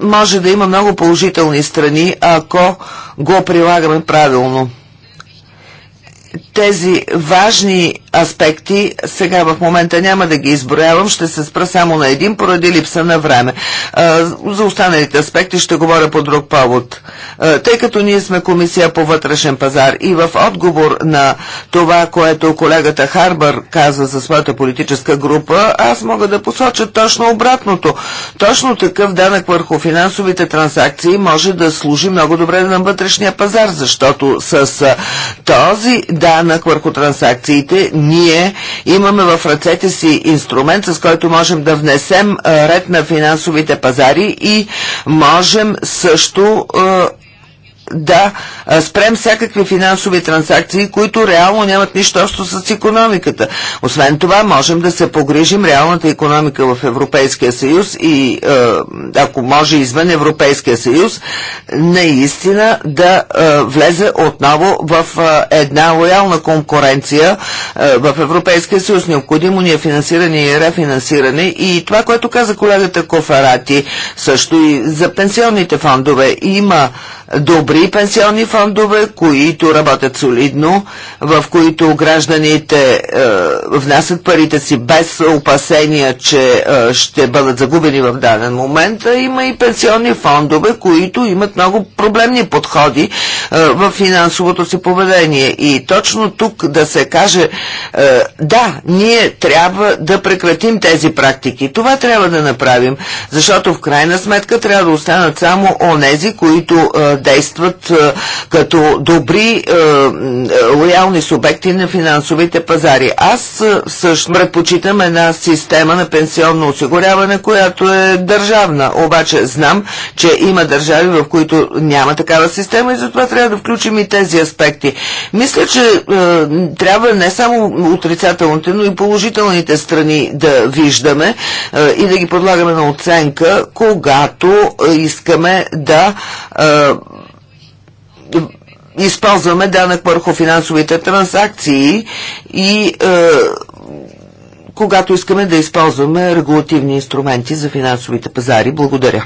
може да има много положителни страни, ако го прилагаме правилно. Тези важни аспекти. Сега в момента няма да ги изброявам, ще се спра само на един поради липса на време. За останалите аспекти ще говоря по друг повод. Тъй като ние сме комисия по вътрешен пазар и в отговор на това, което колегата Харбър каза за своята политическа група, аз мога да посоча точно обратното. Точно такъв данък върху финансовите транзакции може да служи много добре на вътрешния пазар, защото с този данък върху транзакциите ние имаме в ръцете си инструмент, с който можем да внесем ред на финансовите пазари и можем също да спрем всякакви финансови транзакции, които реално нямат нищо общо с економиката. Освен това, можем да се погрижим реалната економика в Европейския съюз и ако може извън Европейския съюз, наистина да влезе отново в една лоялна конкуренция в Европейския съюз. Необходимо ни е финансиране и рефинансиране и това, което каза колегата Кофарати също и за пенсионните фондове има добри пенсионни фондове, които работят солидно, в които гражданите е, внасят парите си без опасения, че е, ще бъдат загубени в даден момент. Има и пенсионни фондове, които имат много проблемни подходи е, в финансовото си поведение. И точно тук да се каже, е, да, ние трябва да прекратим тези практики. Това трябва да направим, защото в крайна сметка трябва да останат само онези, които е, действат е, като добри е, е, лоялни субекти на финансовите пазари. Аз също предпочитам една система на пенсионно осигуряване, която е държавна. Обаче знам, че има държави, в които няма такава система и затова трябва да включим и тези аспекти. Мисля, че е, трябва не само отрицателните, но и положителните страни да виждаме е, и да ги подлагаме на оценка, когато искаме да е, използваме данък върху финансовите транзакции и е, когато искаме да използваме регулативни инструменти за финансовите пазари. Благодаря.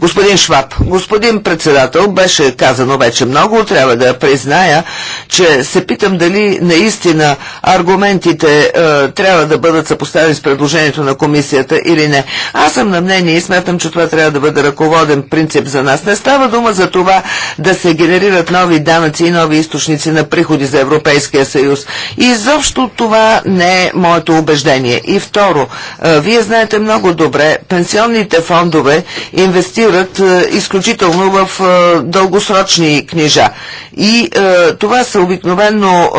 Господин Шваб, господин председател, беше казано вече много, трябва да призная, че се питам дали наистина аргументите е, трябва да бъдат съпоставени с предложението на комисията или не. Аз съм на мнение и смятам, че това трябва да бъде ръководен принцип за нас. Не става дума за това да се генерират нови данъци и нови източници на приходи за Европейския съюз. И изобщо това не е моето убеждение. И второ, е, вие знаете много добре, пенсионните фондове инвестират инвестират е, изключително в е, дългосрочни книжа. И е, това са обикновено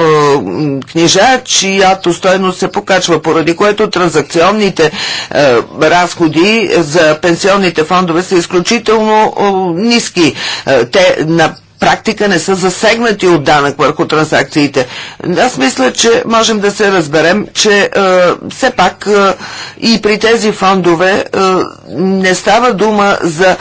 книжа, чиято стойност се покачва, поради което транзакционните разходи за пенсионните фондове са изключително ниски. Те на практика не са засегнати от данък върху транзакциите. Аз мисля, че можем да се разберем, че е, все пак е, и при тези фондове е, не става дума за е,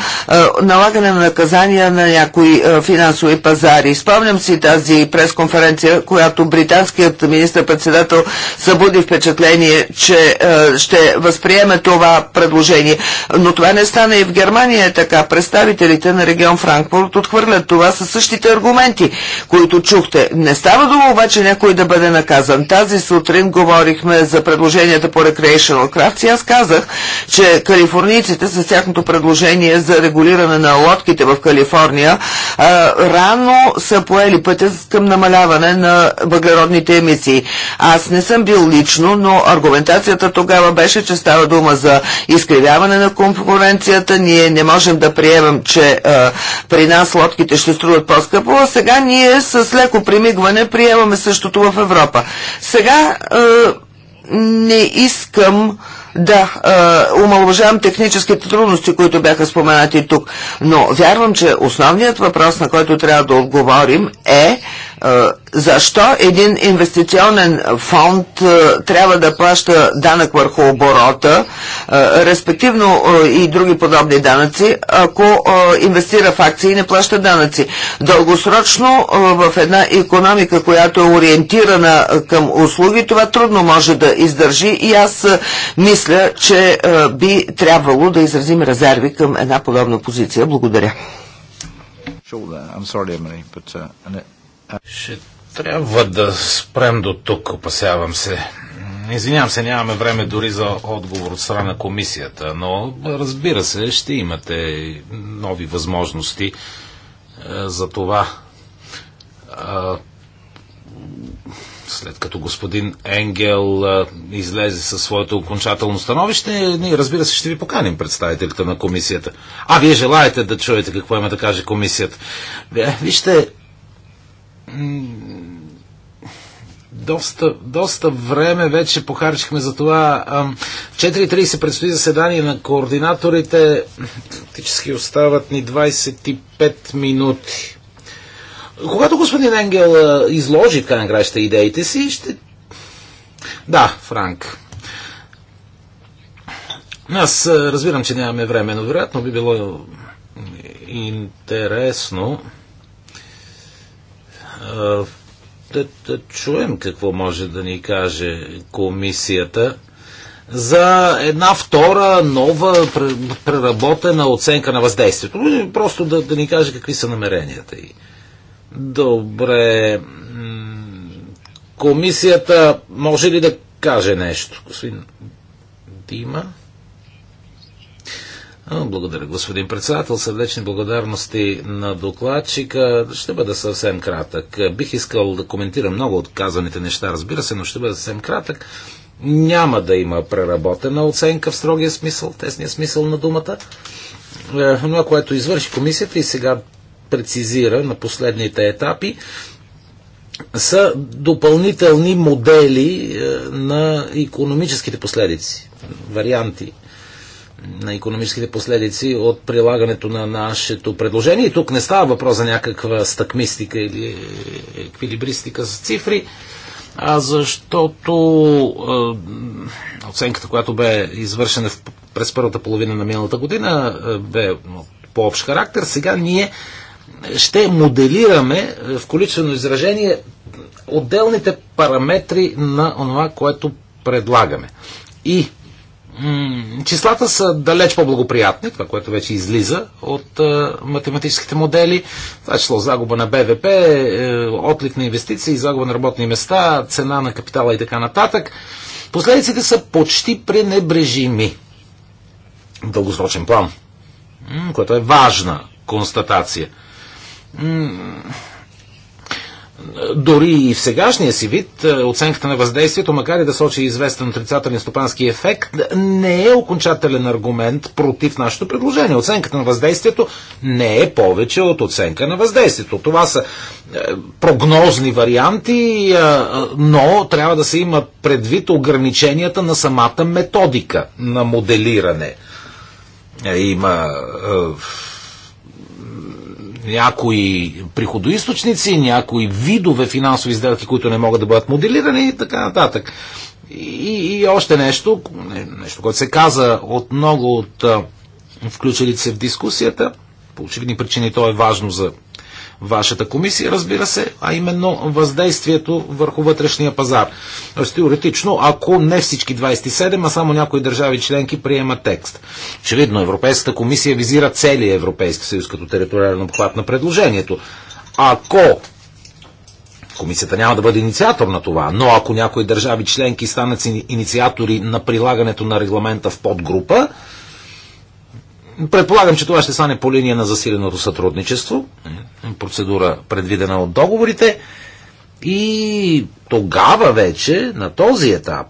налагане на наказания на някои е, финансови пазари. Спомням си тази пресконференция, която британският министр-председател събуди впечатление, че е, ще възприеме това предложение. Но това не стана и в Германия е така. Представителите на регион Франкфурт отхвърлят това с същите аргументи, които чухте. Не става дума обаче някой да бъде наказан. Тази сутрин говорихме за предложенията по Recreational Crafts и аз казах, че калифорнийците с тяхното предложение за регулиране на лодките в Калифорния а, рано са поели пътя към намаляване на въглеродните емисии. Аз не съм бил лично, но аргументацията тогава беше, че става дума за изкривяване на конкуренцията. Ние не можем да приемем, че а, при нас лодките ще струват е по-скъпо, а сега ние с леко примигване приемаме същото в Европа. Сега е, не искам да е, омалважавам техническите трудности, които бяха споменати тук, но вярвам, че основният въпрос, на който трябва да отговорим е защо един инвестиционен фонд трябва да плаща данък върху оборота, респективно и други подобни данъци, ако инвестира в акции и не плаща данъци? Дългосрочно в една економика, която е ориентирана към услуги, това трудно може да издържи и аз мисля, че би трябвало да изразим резерви към една подобна позиция. Благодаря. Sure there. I'm sorry, Emily, but uh, and it ще трябва да спрем до тук, опасявам се. Извинявам се, нямаме време дори за отговор от страна на комисията, но разбира се, ще имате нови възможности е, за това. Е, след като господин Енгел е, излезе със своето окончателно становище, ние разбира се ще ви поканим представителите на комисията. А, вие желаете да чуете какво има да каже комисията. Вижте, доста, доста време вече похарчихме за това. В 4.30 предстои заседание на координаторите. Фактически остават ни 25 минути. Когато господин Енгел изложи край на идеите си, ще... Да, Франк. Аз разбирам, че нямаме време, но вероятно би било интересно е, да, да чуем какво може да ни каже комисията за една втора нова преработена оценка на въздействието. Нали, просто да, да ни каже какви са намеренията й. Добре. Комисията може ли да каже нещо? Господин Дима? Благодаря, господин председател. Сърдечни благодарности на докладчика. Ще бъда съвсем кратък. Бих искал да коментирам много от казаните неща, разбира се, но ще бъда съвсем кратък. Няма да има преработена оценка в строгия смисъл, тесния смисъл на думата. Е, това, което извърши комисията и сега прецизира на последните етапи, са допълнителни модели е, на економическите последици, варианти на економическите последици от прилагането на нашето предложение. И тук не става въпрос за някаква стъкмистика или еквилибристика с цифри, а защото е, оценката, която бе извършена в, през първата половина на миналата година, е, бе по общ характер. Сега ние ще моделираме е, в количествено изражение отделните параметри на това, което предлагаме. И числата са далеч по-благоприятни, това, което вече излиза от математическите модели. Това число загуба на БВП, е, отлик на инвестиции, загуба на работни места, цена на капитала и така нататък. Последиците са почти пренебрежими в дългосрочен план, което е важна констатация дори и в сегашния си вид, е, оценката на въздействието, макар и да сочи известен отрицателен стопански ефект, не е окончателен аргумент против нашето предложение. Оценката на въздействието не е повече от оценка на въздействието. Това са е, прогнозни варианти, е, но трябва да се има предвид ограниченията на самата методика на моделиране. има някои приходоисточници, някои видове финансови сделки, които не могат да бъдат моделирани и така нататък. И, и още нещо, нещо, което се каза от много от включилите се в дискусията, по очевидни причини то е важно за вашата комисия, разбира се, а именно въздействието върху вътрешния пазар. Тоест, теоретично, ако не всички 27, а само някои държави членки приемат текст. Очевидно, Европейската комисия визира целия Европейски съюз като териториален обхват на предложението. Ако Комисията няма да бъде инициатор на това, но ако някои държави членки станат инициатори на прилагането на регламента в подгрупа, Предполагам, че това ще стане по линия на засиленото сътрудничество, процедура предвидена от договорите. И тогава вече, на този етап,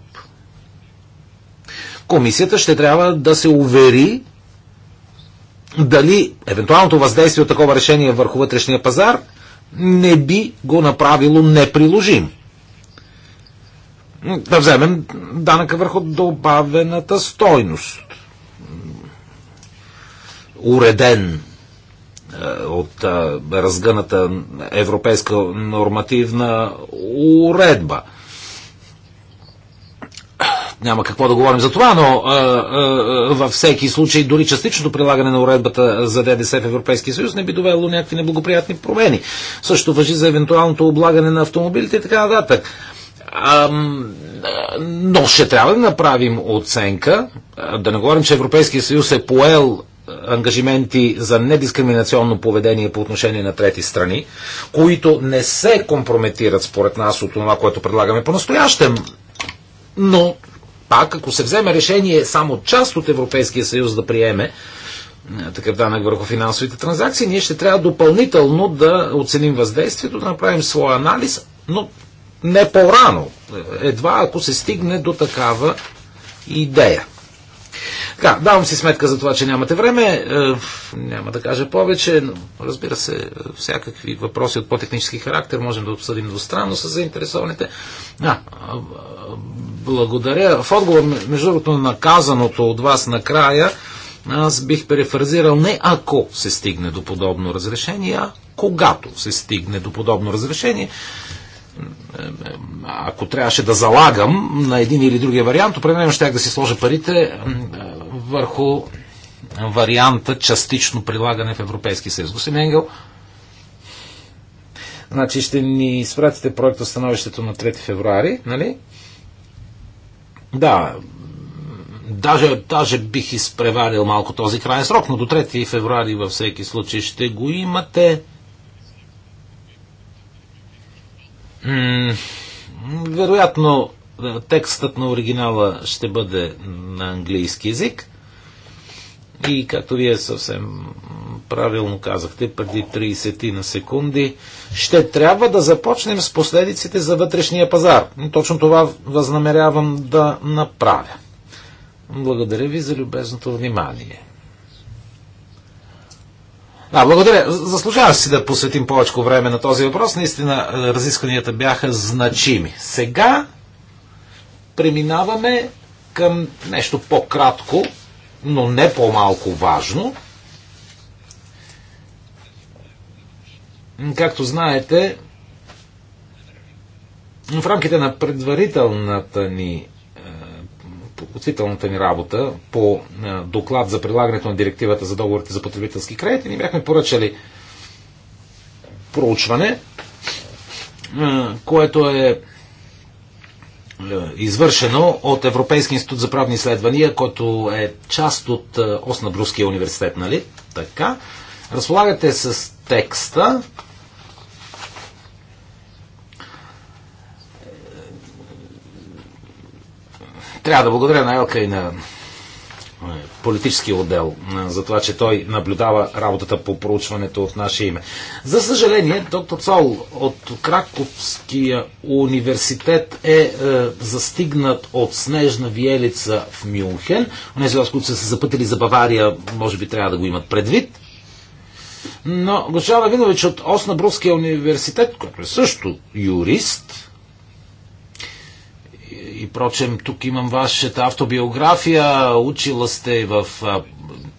комисията ще трябва да се увери дали евентуалното въздействие от такова решение върху вътрешния пазар не би го направило неприложим. Да вземем данъка върху добавената стойност уреден е, от е, разгъната европейска нормативна уредба. Няма какво да говорим за това, но а, е, а, във всеки случай дори частичното прилагане на уредбата за ДДС в Европейския съюз не би довело някакви неблагоприятни промени. Също въжи за евентуалното облагане на автомобилите и така нататък. но ще трябва да направим оценка, да не говорим, че Европейския съюз е поел ангажименти за недискриминационно поведение по отношение на трети страни, които не се компрометират според нас от това, което предлагаме по-настоящем. Но, пак, ако се вземе решение само част от Европейския съюз да приеме е, такъв данък върху финансовите транзакции, ние ще трябва допълнително да оценим въздействието, да направим своя анализ, но не по-рано, едва ако се стигне до такава идея. Така, давам си сметка за това, че нямате време. Е, няма да кажа повече, но разбира се, всякакви въпроси от по-технически характер можем да обсъдим двустранно с заинтересованите. А, благодаря. В отговор, между другото, на казаното от вас накрая, аз бих перефразирал не ако се стигне до подобно разрешение, а когато се стигне до подобно разрешение. Е, е, ако трябваше да залагам на един или другия вариант, определено ще да си сложа парите е, върху варианта частично прилагане в Европейски съюз. Господин Енгел, значи ще ни изпратите проекта становището на 3 февруари, нали? Да, даже, даже бих изпреварил малко този крайен срок, но до 3 февруари във всеки случай ще го имате. вероятно е, текстът на оригинала ще бъде на английски язик. И както вие съвсем правилно казахте, преди 30 на секунди, ще трябва да започнем с последиците за вътрешния пазар. Точно това възнамерявам да направя. Благодаря ви за любезното внимание. Да, благодаря. Заслужава си да посветим повече време на този въпрос. Наистина е, разискванията бяха значими. Сега преминаваме към нещо по-кратко, но не по-малко важно. Както знаете, в рамките на предварителната ни подготвителната ни работа по е, доклад за прилагането на директивата за договорите за потребителски кредити, ни бяхме поръчали проучване, е, което е, е извършено от Европейски институт за правни изследвания, който е част от Оснабруския университет, нали? Така. Разполагате с текста, Трябва да благодаря на Елка и на е, политически отдел, е, за това, че той наблюдава работата по проучването в наше име. За съжаление, доктор Цол от Краковския университет е, е застигнат от снежна виелица в Мюнхен. Онези, които са се запътили за Бавария, може би трябва да го имат предвид. Но госпожа Винович от Оснабруския университет, който е също юрист, и прочем, тук имам вашата автобиография, учила сте в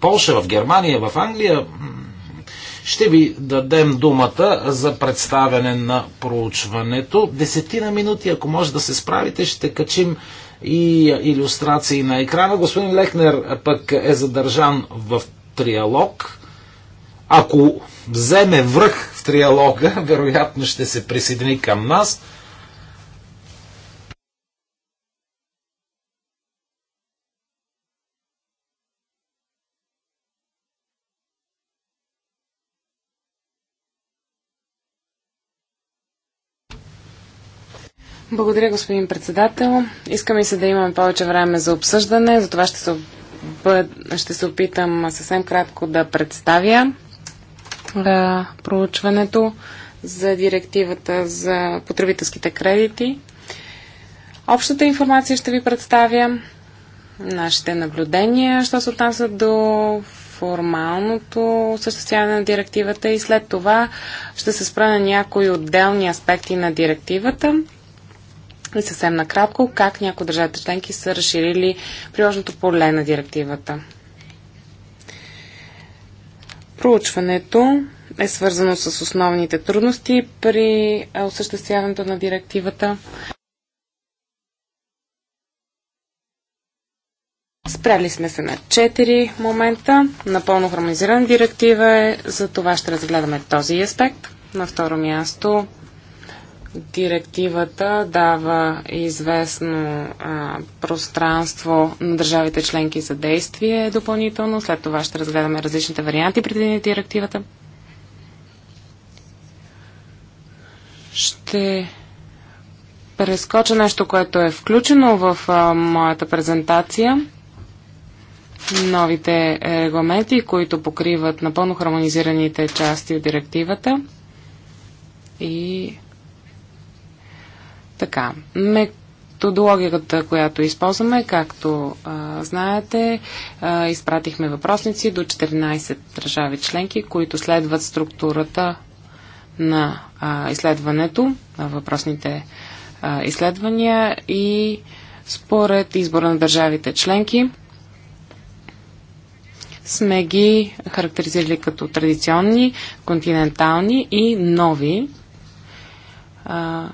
Польша, в Германия, в Англия. Ще ви дадем думата за представяне на проучването. Десетина минути, ако може да се справите, ще качим и иллюстрации на екрана. Господин Лехнер пък е задържан в триалог. Ако вземе връх в триалога, вероятно ще се присъедини към нас. Благодаря, господин председател. Искаме се да имам повече време за обсъждане, затова ще се, бъд... ще се опитам съвсем кратко да представя да, проучването за директивата за потребителските кредити. Общата информация ще ви представя, нашите наблюдения, що се отнася до формалното осъществяване на директивата и след това ще се спра на някои отделни аспекти на директивата и съвсем накратко как някои държавите членки са разширили приложното поле на директивата. Проучването е свързано с основните трудности при осъществяването на директивата. Спряли сме се на 4 момента. Напълно хармонизирана директива е, за това ще разгледаме този аспект. На второ място Директивата дава известно а, пространство на държавите членки за действие допълнително. След това ще разгледаме различните варианти, предвидени директивата. Ще прескоча нещо, което е включено в а, моята презентация. Новите регламенти, които покриват напълно хармонизираните части от директивата. И така, методологията, която използваме, както а, знаете, а, изпратихме въпросници до 14 държави членки, които следват структурата на а, изследването, на въпросните а, изследвания и според избора на държавите членки сме ги характеризирали като традиционни, континентални и нови. А,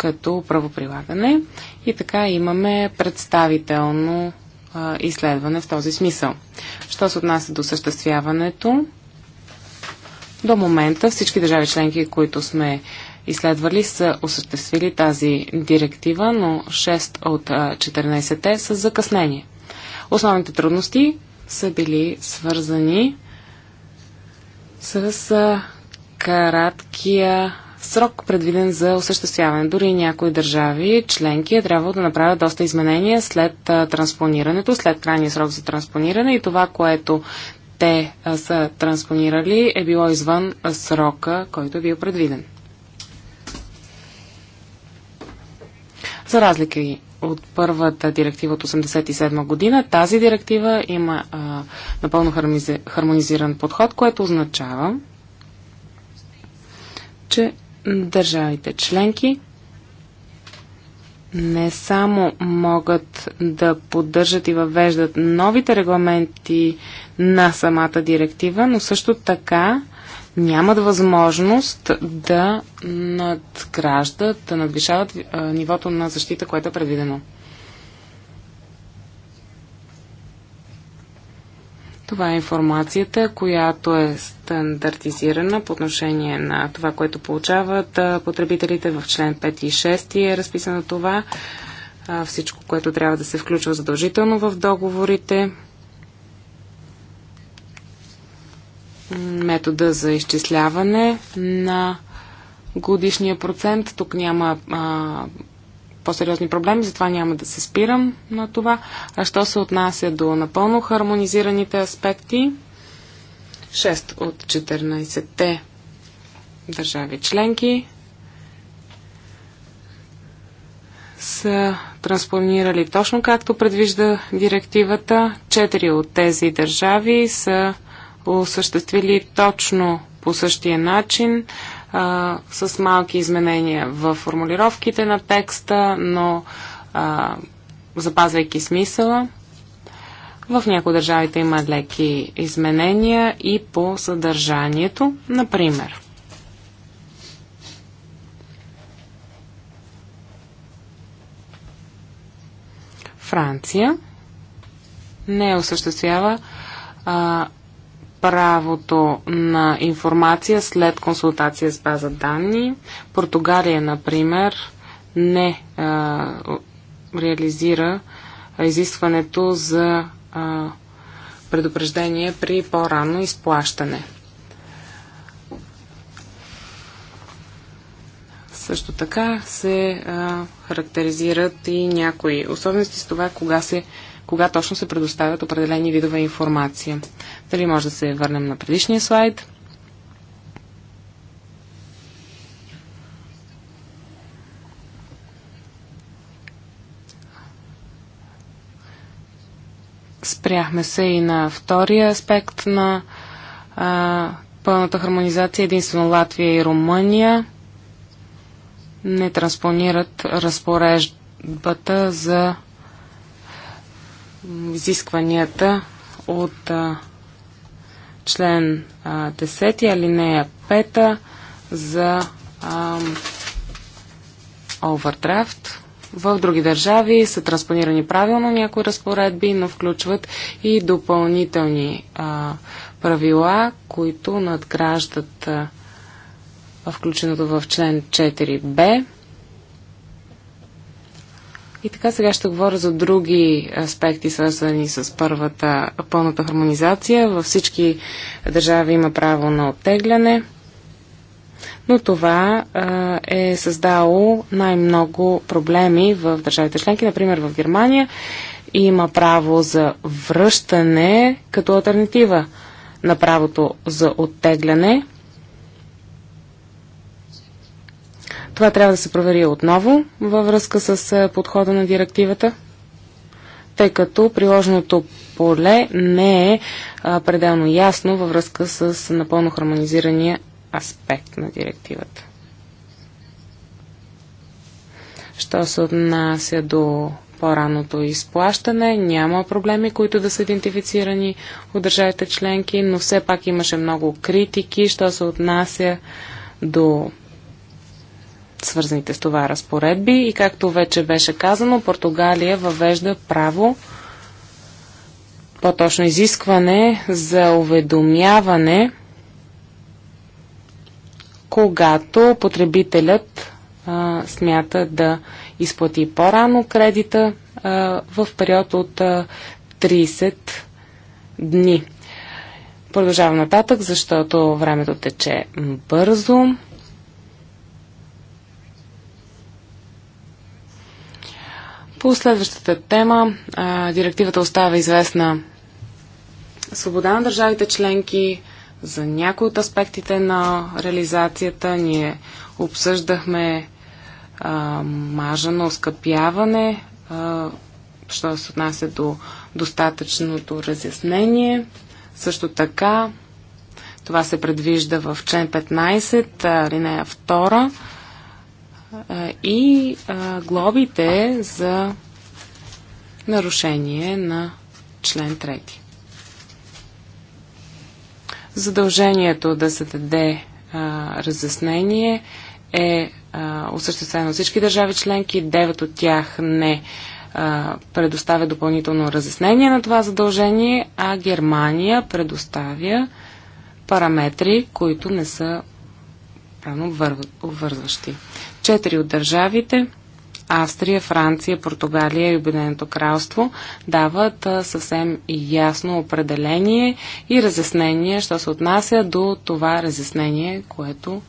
като правоприлагане и така имаме представително а, изследване в този смисъл. Що се отнася до съществяването, до момента всички държави членки, които сме изследвали, са осъществили тази директива, но 6 от 14-те са закъснени. Основните трудности са били свързани с краткия срок предвиден за осъществяване. Дори някои държави членки е трябвало да направят доста изменения след транспонирането, след крайния срок за транспониране и това, което те са транспонирали, е било извън срока, който е бил предвиден. За разлика и от първата директива от 1987 година, тази директива има а, напълно хармонизиран подход, което означава, че държавите членки не само могат да поддържат и въвеждат новите регламенти на самата директива, но също така нямат възможност да надграждат, да надвишават нивото на защита, което е предвидено. Това е информацията, която е стандартизирана по отношение на това, което получават потребителите. В член 5 и 6 е разписано това. Всичко, което трябва да се включва задължително в договорите. Метода за изчисляване на годишния процент. Тук няма а, по-сериозни проблеми, затова няма да се спирам на това. А що се отнася до напълно хармонизираните аспекти, 6 от 14-те държави членки са транспонирали точно както предвижда директивата. Четири от тези държави са осъществили точно по същия начин а, с малки изменения в формулировките на текста, но а, запазвайки смисъла. В някои държавите има леки изменения и по съдържанието, например. Франция не осъществява а, правото на информация след консултация с база данни. Португалия, например, не а, реализира изискването за а, предупреждение при по-рано изплащане. Също така се а, характеризират и някои особености с това, кога се а, кога точно се предоставят определени видове информация. Дали може да се върнем на предишния слайд? Спряхме се и на втория аспект на а, пълната хармонизация. Единствено Латвия и Румъния не транспонират разпореждането за изискванията от а, член а, 10, алинея 5 за а, овердрафт. В други държави са транспонирани правилно някои разпоредби, но включват и допълнителни а, правила, които надграждат а, включеното в член 4б. И така сега ще говоря за други аспекти, свързани с първата пълната хармонизация. Във всички държави има право на оттегляне, но това а, е създало най-много проблеми в държавите членки. Например, в Германия има право за връщане като альтернатива на правото за оттегляне Това трябва да се провери отново във връзка с е, подхода на директивата, тъй като приложеното поле не е, е пределно ясно във връзка с напълно хармонизирания аспект на директивата. Що се отнася до по-раното изплащане, няма проблеми, които да са идентифицирани от държавите членки, но все пак имаше много критики, що се отнася до свързаните с това разпоредби и както вече беше казано, Португалия въвежда право, по-точно изискване за уведомяване, когато потребителят а, смята да изплати по-рано кредита а, в период от а, 30 дни. Продължавам нататък, защото времето тече бързо. По следващата тема, а, директивата остава известна свобода на държавите членки за някои от аспектите на реализацията. Ние обсъждахме а, маржа на оскъпяване, а, що се отнася до достатъчното разяснение. Също така, това се предвижда в член 15, алинея 2 и глобите за нарушение на член 3. Задължението да се даде разяснение е осъществено всички държави членки, 9 от тях не предоставя допълнително разяснение на това задължение, а Германия предоставя параметри, които не са правно обвързващи. Четири от държавите Австрия, Франция, Португалия и Обединеното кралство дават съвсем ясно определение и разяснение, що се отнася до това разяснение, което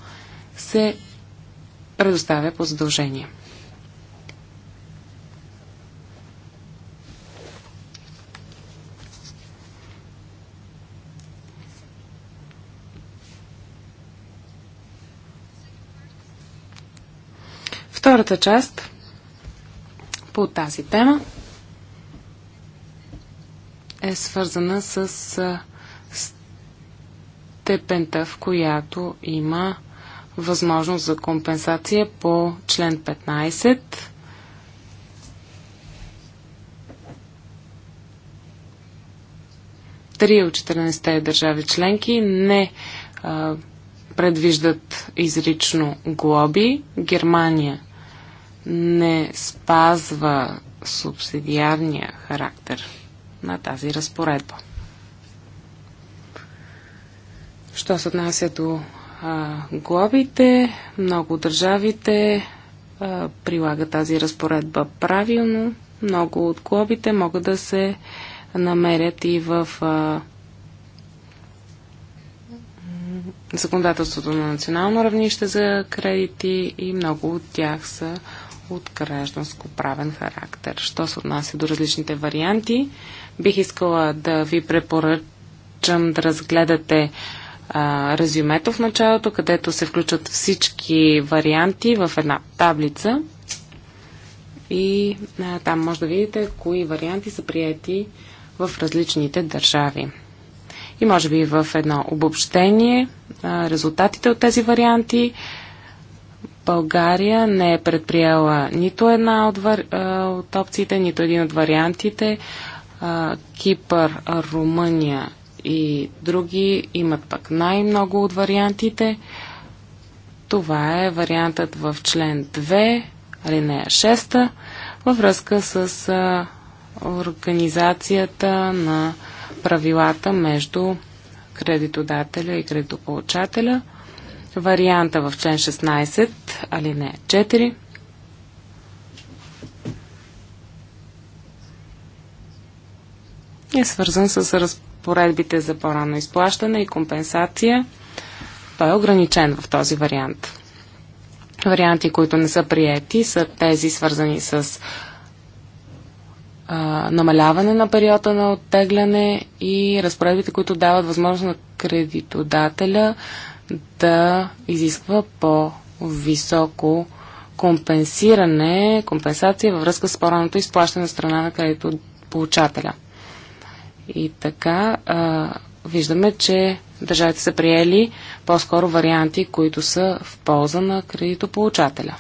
се предоставя по задължение. Втората част по тази тема е свързана с степента, в която има възможност за компенсация по член 15 три от 14 те държави членки не а, предвиждат изрично глоби. Германия не спазва субсидиарния характер на тази разпоредба. Що се отнася до а, глобите, много държавите а, прилага тази разпоредба правилно. Много от глобите могат да се намерят и в а, законодателството на национално равнище за кредити и много от тях са от гражданско-правен характер. Що се отнася до различните варианти, бих искала да ви препоръчам да разгледате а, резюмето в началото, където се включат всички варианти в една таблица. И а, там може да видите кои варианти са прияти в различните държави. И може би в едно обобщение а, резултатите от тези варианти, България не е предприела нито една от, вър... от опциите, нито един от вариантите. Кипър, Румъния и други имат пък най-много от вариантите. Това е вариантът в член 2, алинея 6, във връзка с а, организацията на правилата между кредитодателя и кредитополучателя – варианта в член 16, али не 4. е свързан с разпоредбите за по-рано изплащане и компенсация. Той е ограничен в този вариант. Варианти, които не са приети, са тези свързани с а, намаляване на периода на оттегляне и разпоредбите, които дават възможност на кредитодателя да изисква по-високо компенсиране, компенсация във връзка с по-раното изплащане на страна на кредито получателя. И така а, виждаме, че държавите са приели по-скоро варианти, които са в полза на кредитополучателя.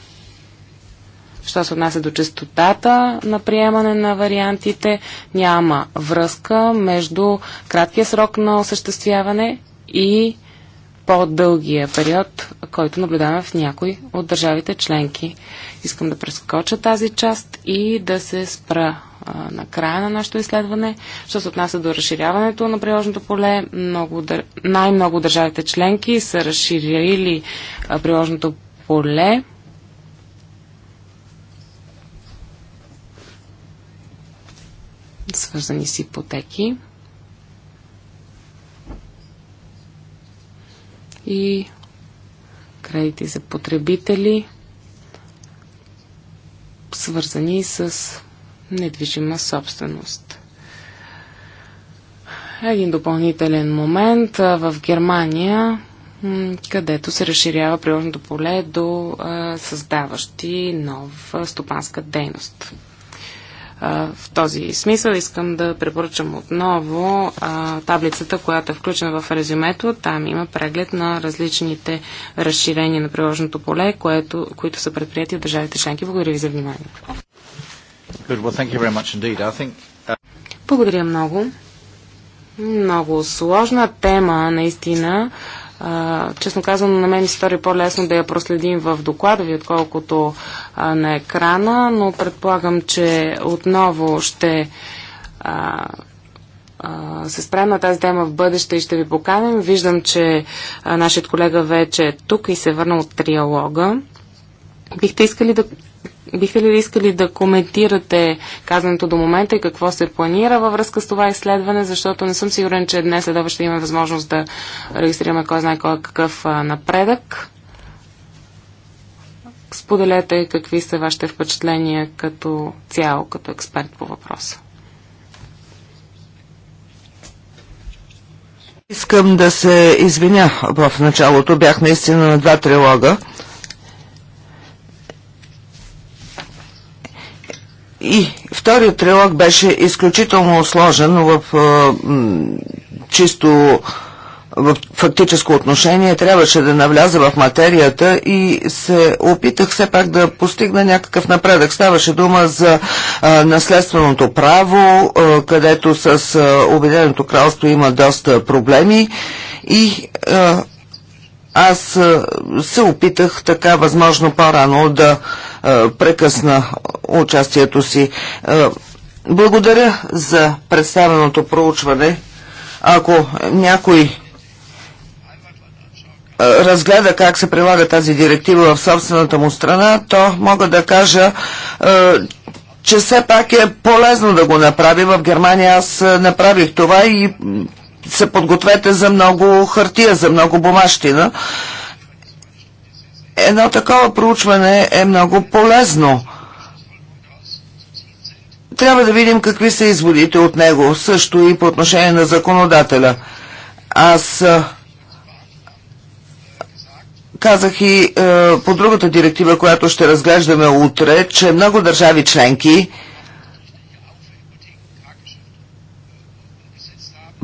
Що се отнася до частотата на приемане на вариантите, няма връзка между краткия срок на осъществяване и по-дългия период, който наблюдаваме в някои от държавите членки. Искам да прескоча тази част и да се спра на края на нашето изследване. Що се отнася до разширяването на приложното поле, много, най-много държавите членки са разширили приложното поле. свързани с ипотеки. и кредити за потребители, свързани с недвижима собственост. Един допълнителен момент в Германия, където се разширява приложното поле до създаващи нова стопанска дейност. В този смисъл искам да препоръчам отново а, таблицата, която е включена в резюмето. Там има преглед на различните разширения на приложеното поле, което, които са предприяти от държавите членки. Благодаря ви за вниманието. Uh, Благодаря много. Много сложна тема, наистина. А, честно казано, на мен ми стори по-лесно да я проследим в доклада ви, отколкото а, на екрана, но предполагам, че отново ще а, се спрем на тази тема в бъдеще и ще ви поканим. Виждам, че нашият колега вече е тук и се е върна от триалога. Бихте искали да бихте ли искали да коментирате казаното до момента и какво се планира във връзка с това изследване, защото не съм сигурен, че днес следва ще имаме възможност да регистрираме кой знае кой какъв напредък. Споделете какви са вашите впечатления като цяло, като експерт по въпроса. Искам да се извиня. В началото бях наистина на два трилога. И вторият трилог беше изключително сложен в чисто в фактическо отношение, трябваше да навляза в материята и се опитах все пак да постигна някакъв напредък. Ставаше дума за а, наследственото право, а, където с а, Обединеното кралство има доста проблеми и а, аз а, се опитах така възможно по-рано да а, прекъсна участието си. Благодаря за представеното проучване. Ако някой разгледа как се прилага тази директива в собствената му страна, то мога да кажа, че все пак е полезно да го направи. В Германия аз направих това и се подгответе за много хартия, за много бумащина едно такова проучване е много полезно. Трябва да видим какви са изводите от него, също и по отношение на законодателя. Аз казах и е, по другата директива, която ще разглеждаме утре, че много държави членки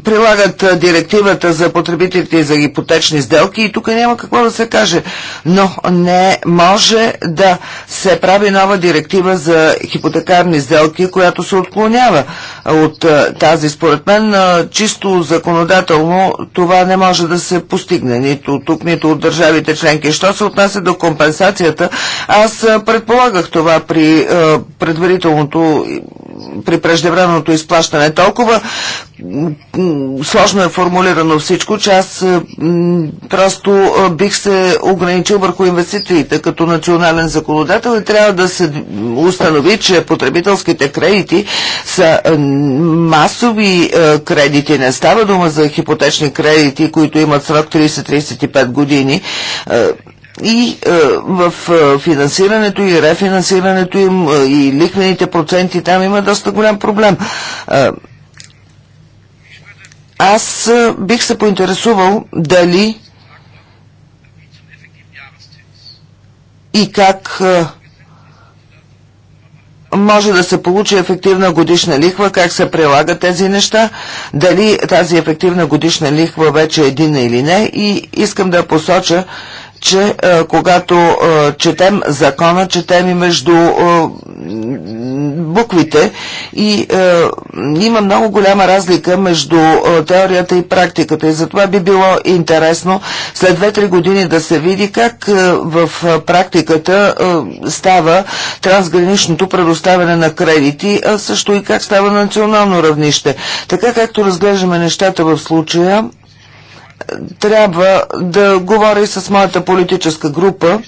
прилагат директивата за потребителите и за ипотечни сделки и тук няма какво да се каже. Но не може да се прави нова директива за хипотекарни сделки, която се отклонява от тази. Според мен, чисто законодателно това не може да се постигне нито тук, нито от държавите членки. Що се отнася до компенсацията, аз предполагах това при предварителното при преждевременното изплащане. Толкова сложно е формулирано всичко, че аз е, просто е, бих се ограничил върху инвестициите като национален законодател и трябва да се установи, че потребителските кредити са е, масови кредити. Не става дума за хипотечни кредити, които имат срок 30-35 години и е, в е, финансирането и рефинансирането им е, и ликвените проценти там има доста голям проблем. Е, аз е, бих се поинтересувал дали и как е, може да се получи ефективна годишна лихва, как се прилагат тези неща, дали тази ефективна годишна лихва вече е едина или не и искам да посоча, че е, когато е, четем закона, четем и между е, буквите и има много голяма разлика между теорията и практиката и затова би било интересно след 2-3 години да се види как в практиката става трансграничното предоставяне на кредити, а също и как става на национално равнище. Така както разглеждаме нещата в случая, трябва да говоря с моята политическа група.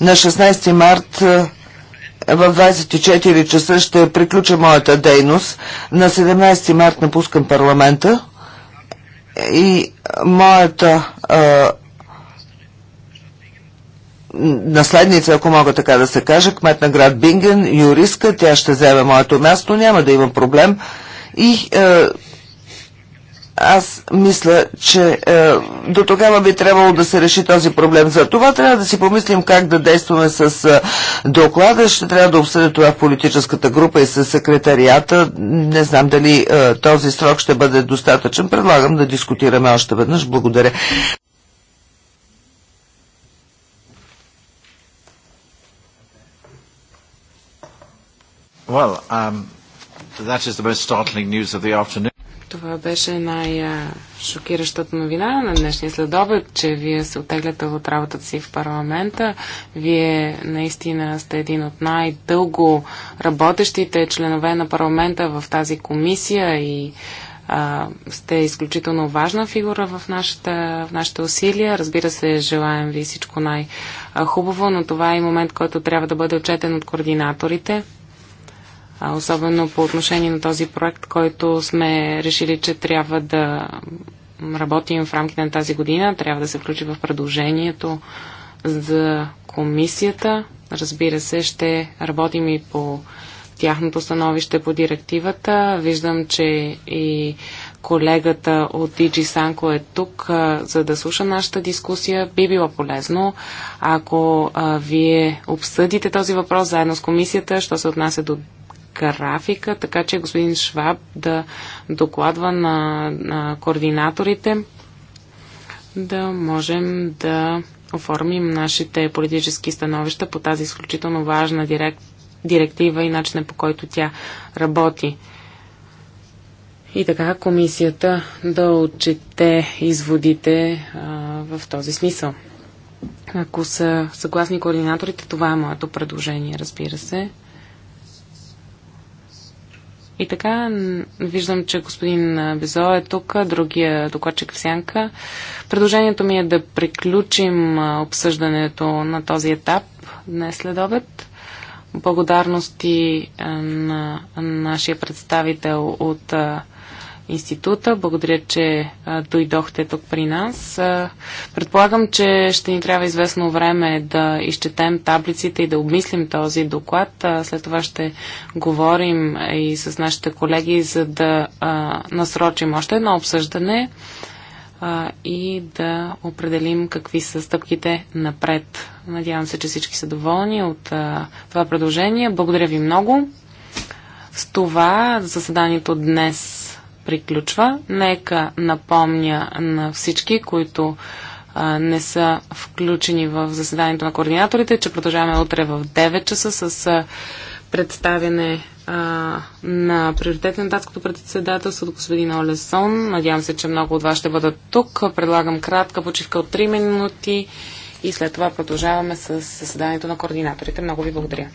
На 16 март е, в 24 часа ще приключа моята дейност. На 17 март напускам парламента и моята а, е, наследница, ако мога така да се каже, кмет на град Бинген, юристка, тя ще вземе моето място, няма да има проблем. И е, аз мисля, че е, до тогава би трябвало да се реши този проблем. За това трябва да си помислим как да действаме с е, доклада. Ще трябва да обсъдя това в политическата група и с секретарията. Не знам дали е, този срок ще бъде достатъчен. Предлагам да дискутираме още веднъж. Благодаря. Well, um, that is the most startling news of the afternoon. Това беше най-шокиращата новина на днешния следобед, че вие се отегляте от работата си в парламента. Вие наистина сте един от най-дълго работещите членове на парламента в тази комисия и а, сте изключително важна фигура в, нашата, в нашите усилия. Разбира се, желаем ви всичко най-хубаво, но това е момент, който трябва да бъде отчетен от координаторите особено по отношение на този проект, който сме решили, че трябва да работим в рамките на тази година. Трябва да се включи в предложението за комисията. Разбира се, ще работим и по тяхното становище по директивата. Виждам, че и колегата от DG Санко е тук, за да слуша нашата дискусия. Би било полезно, ако а, вие обсъдите този въпрос заедно с комисията, що се отнася до графика, така че господин Шваб да докладва на, на координаторите да можем да оформим нашите политически становища по тази изключително важна директ, директива и начина по който тя работи. И така комисията да отчете изводите а, в този смисъл. Ако са съгласни координаторите, това е моето предложение, разбира се. И така, виждам, че господин Безо е тук, другия докладчик в сянка. Предложението ми е да приключим обсъждането на този етап днес след обед. Благодарности на нашия представител от института. Благодаря, че а, дойдохте тук при нас. А, предполагам, че ще ни трябва известно време да изчетем таблиците и да обмислим този доклад. А, след това ще говорим и с нашите колеги, за да насрочим още едно обсъждане и да определим какви са стъпките напред. Надявам се, че всички са доволни от това предложение. Благодаря ви много. С това заседанието днес приключва. Нека напомня на всички, които не са включени в заседанието на координаторите, че продължаваме утре в 9 часа с представяне а, на приоритет на датското председателство от господин Олесон. Надявам се, че много от вас ще бъдат тук. Предлагам кратка почивка от 3 минути и след това продължаваме с заседанието на координаторите. Много ви благодаря.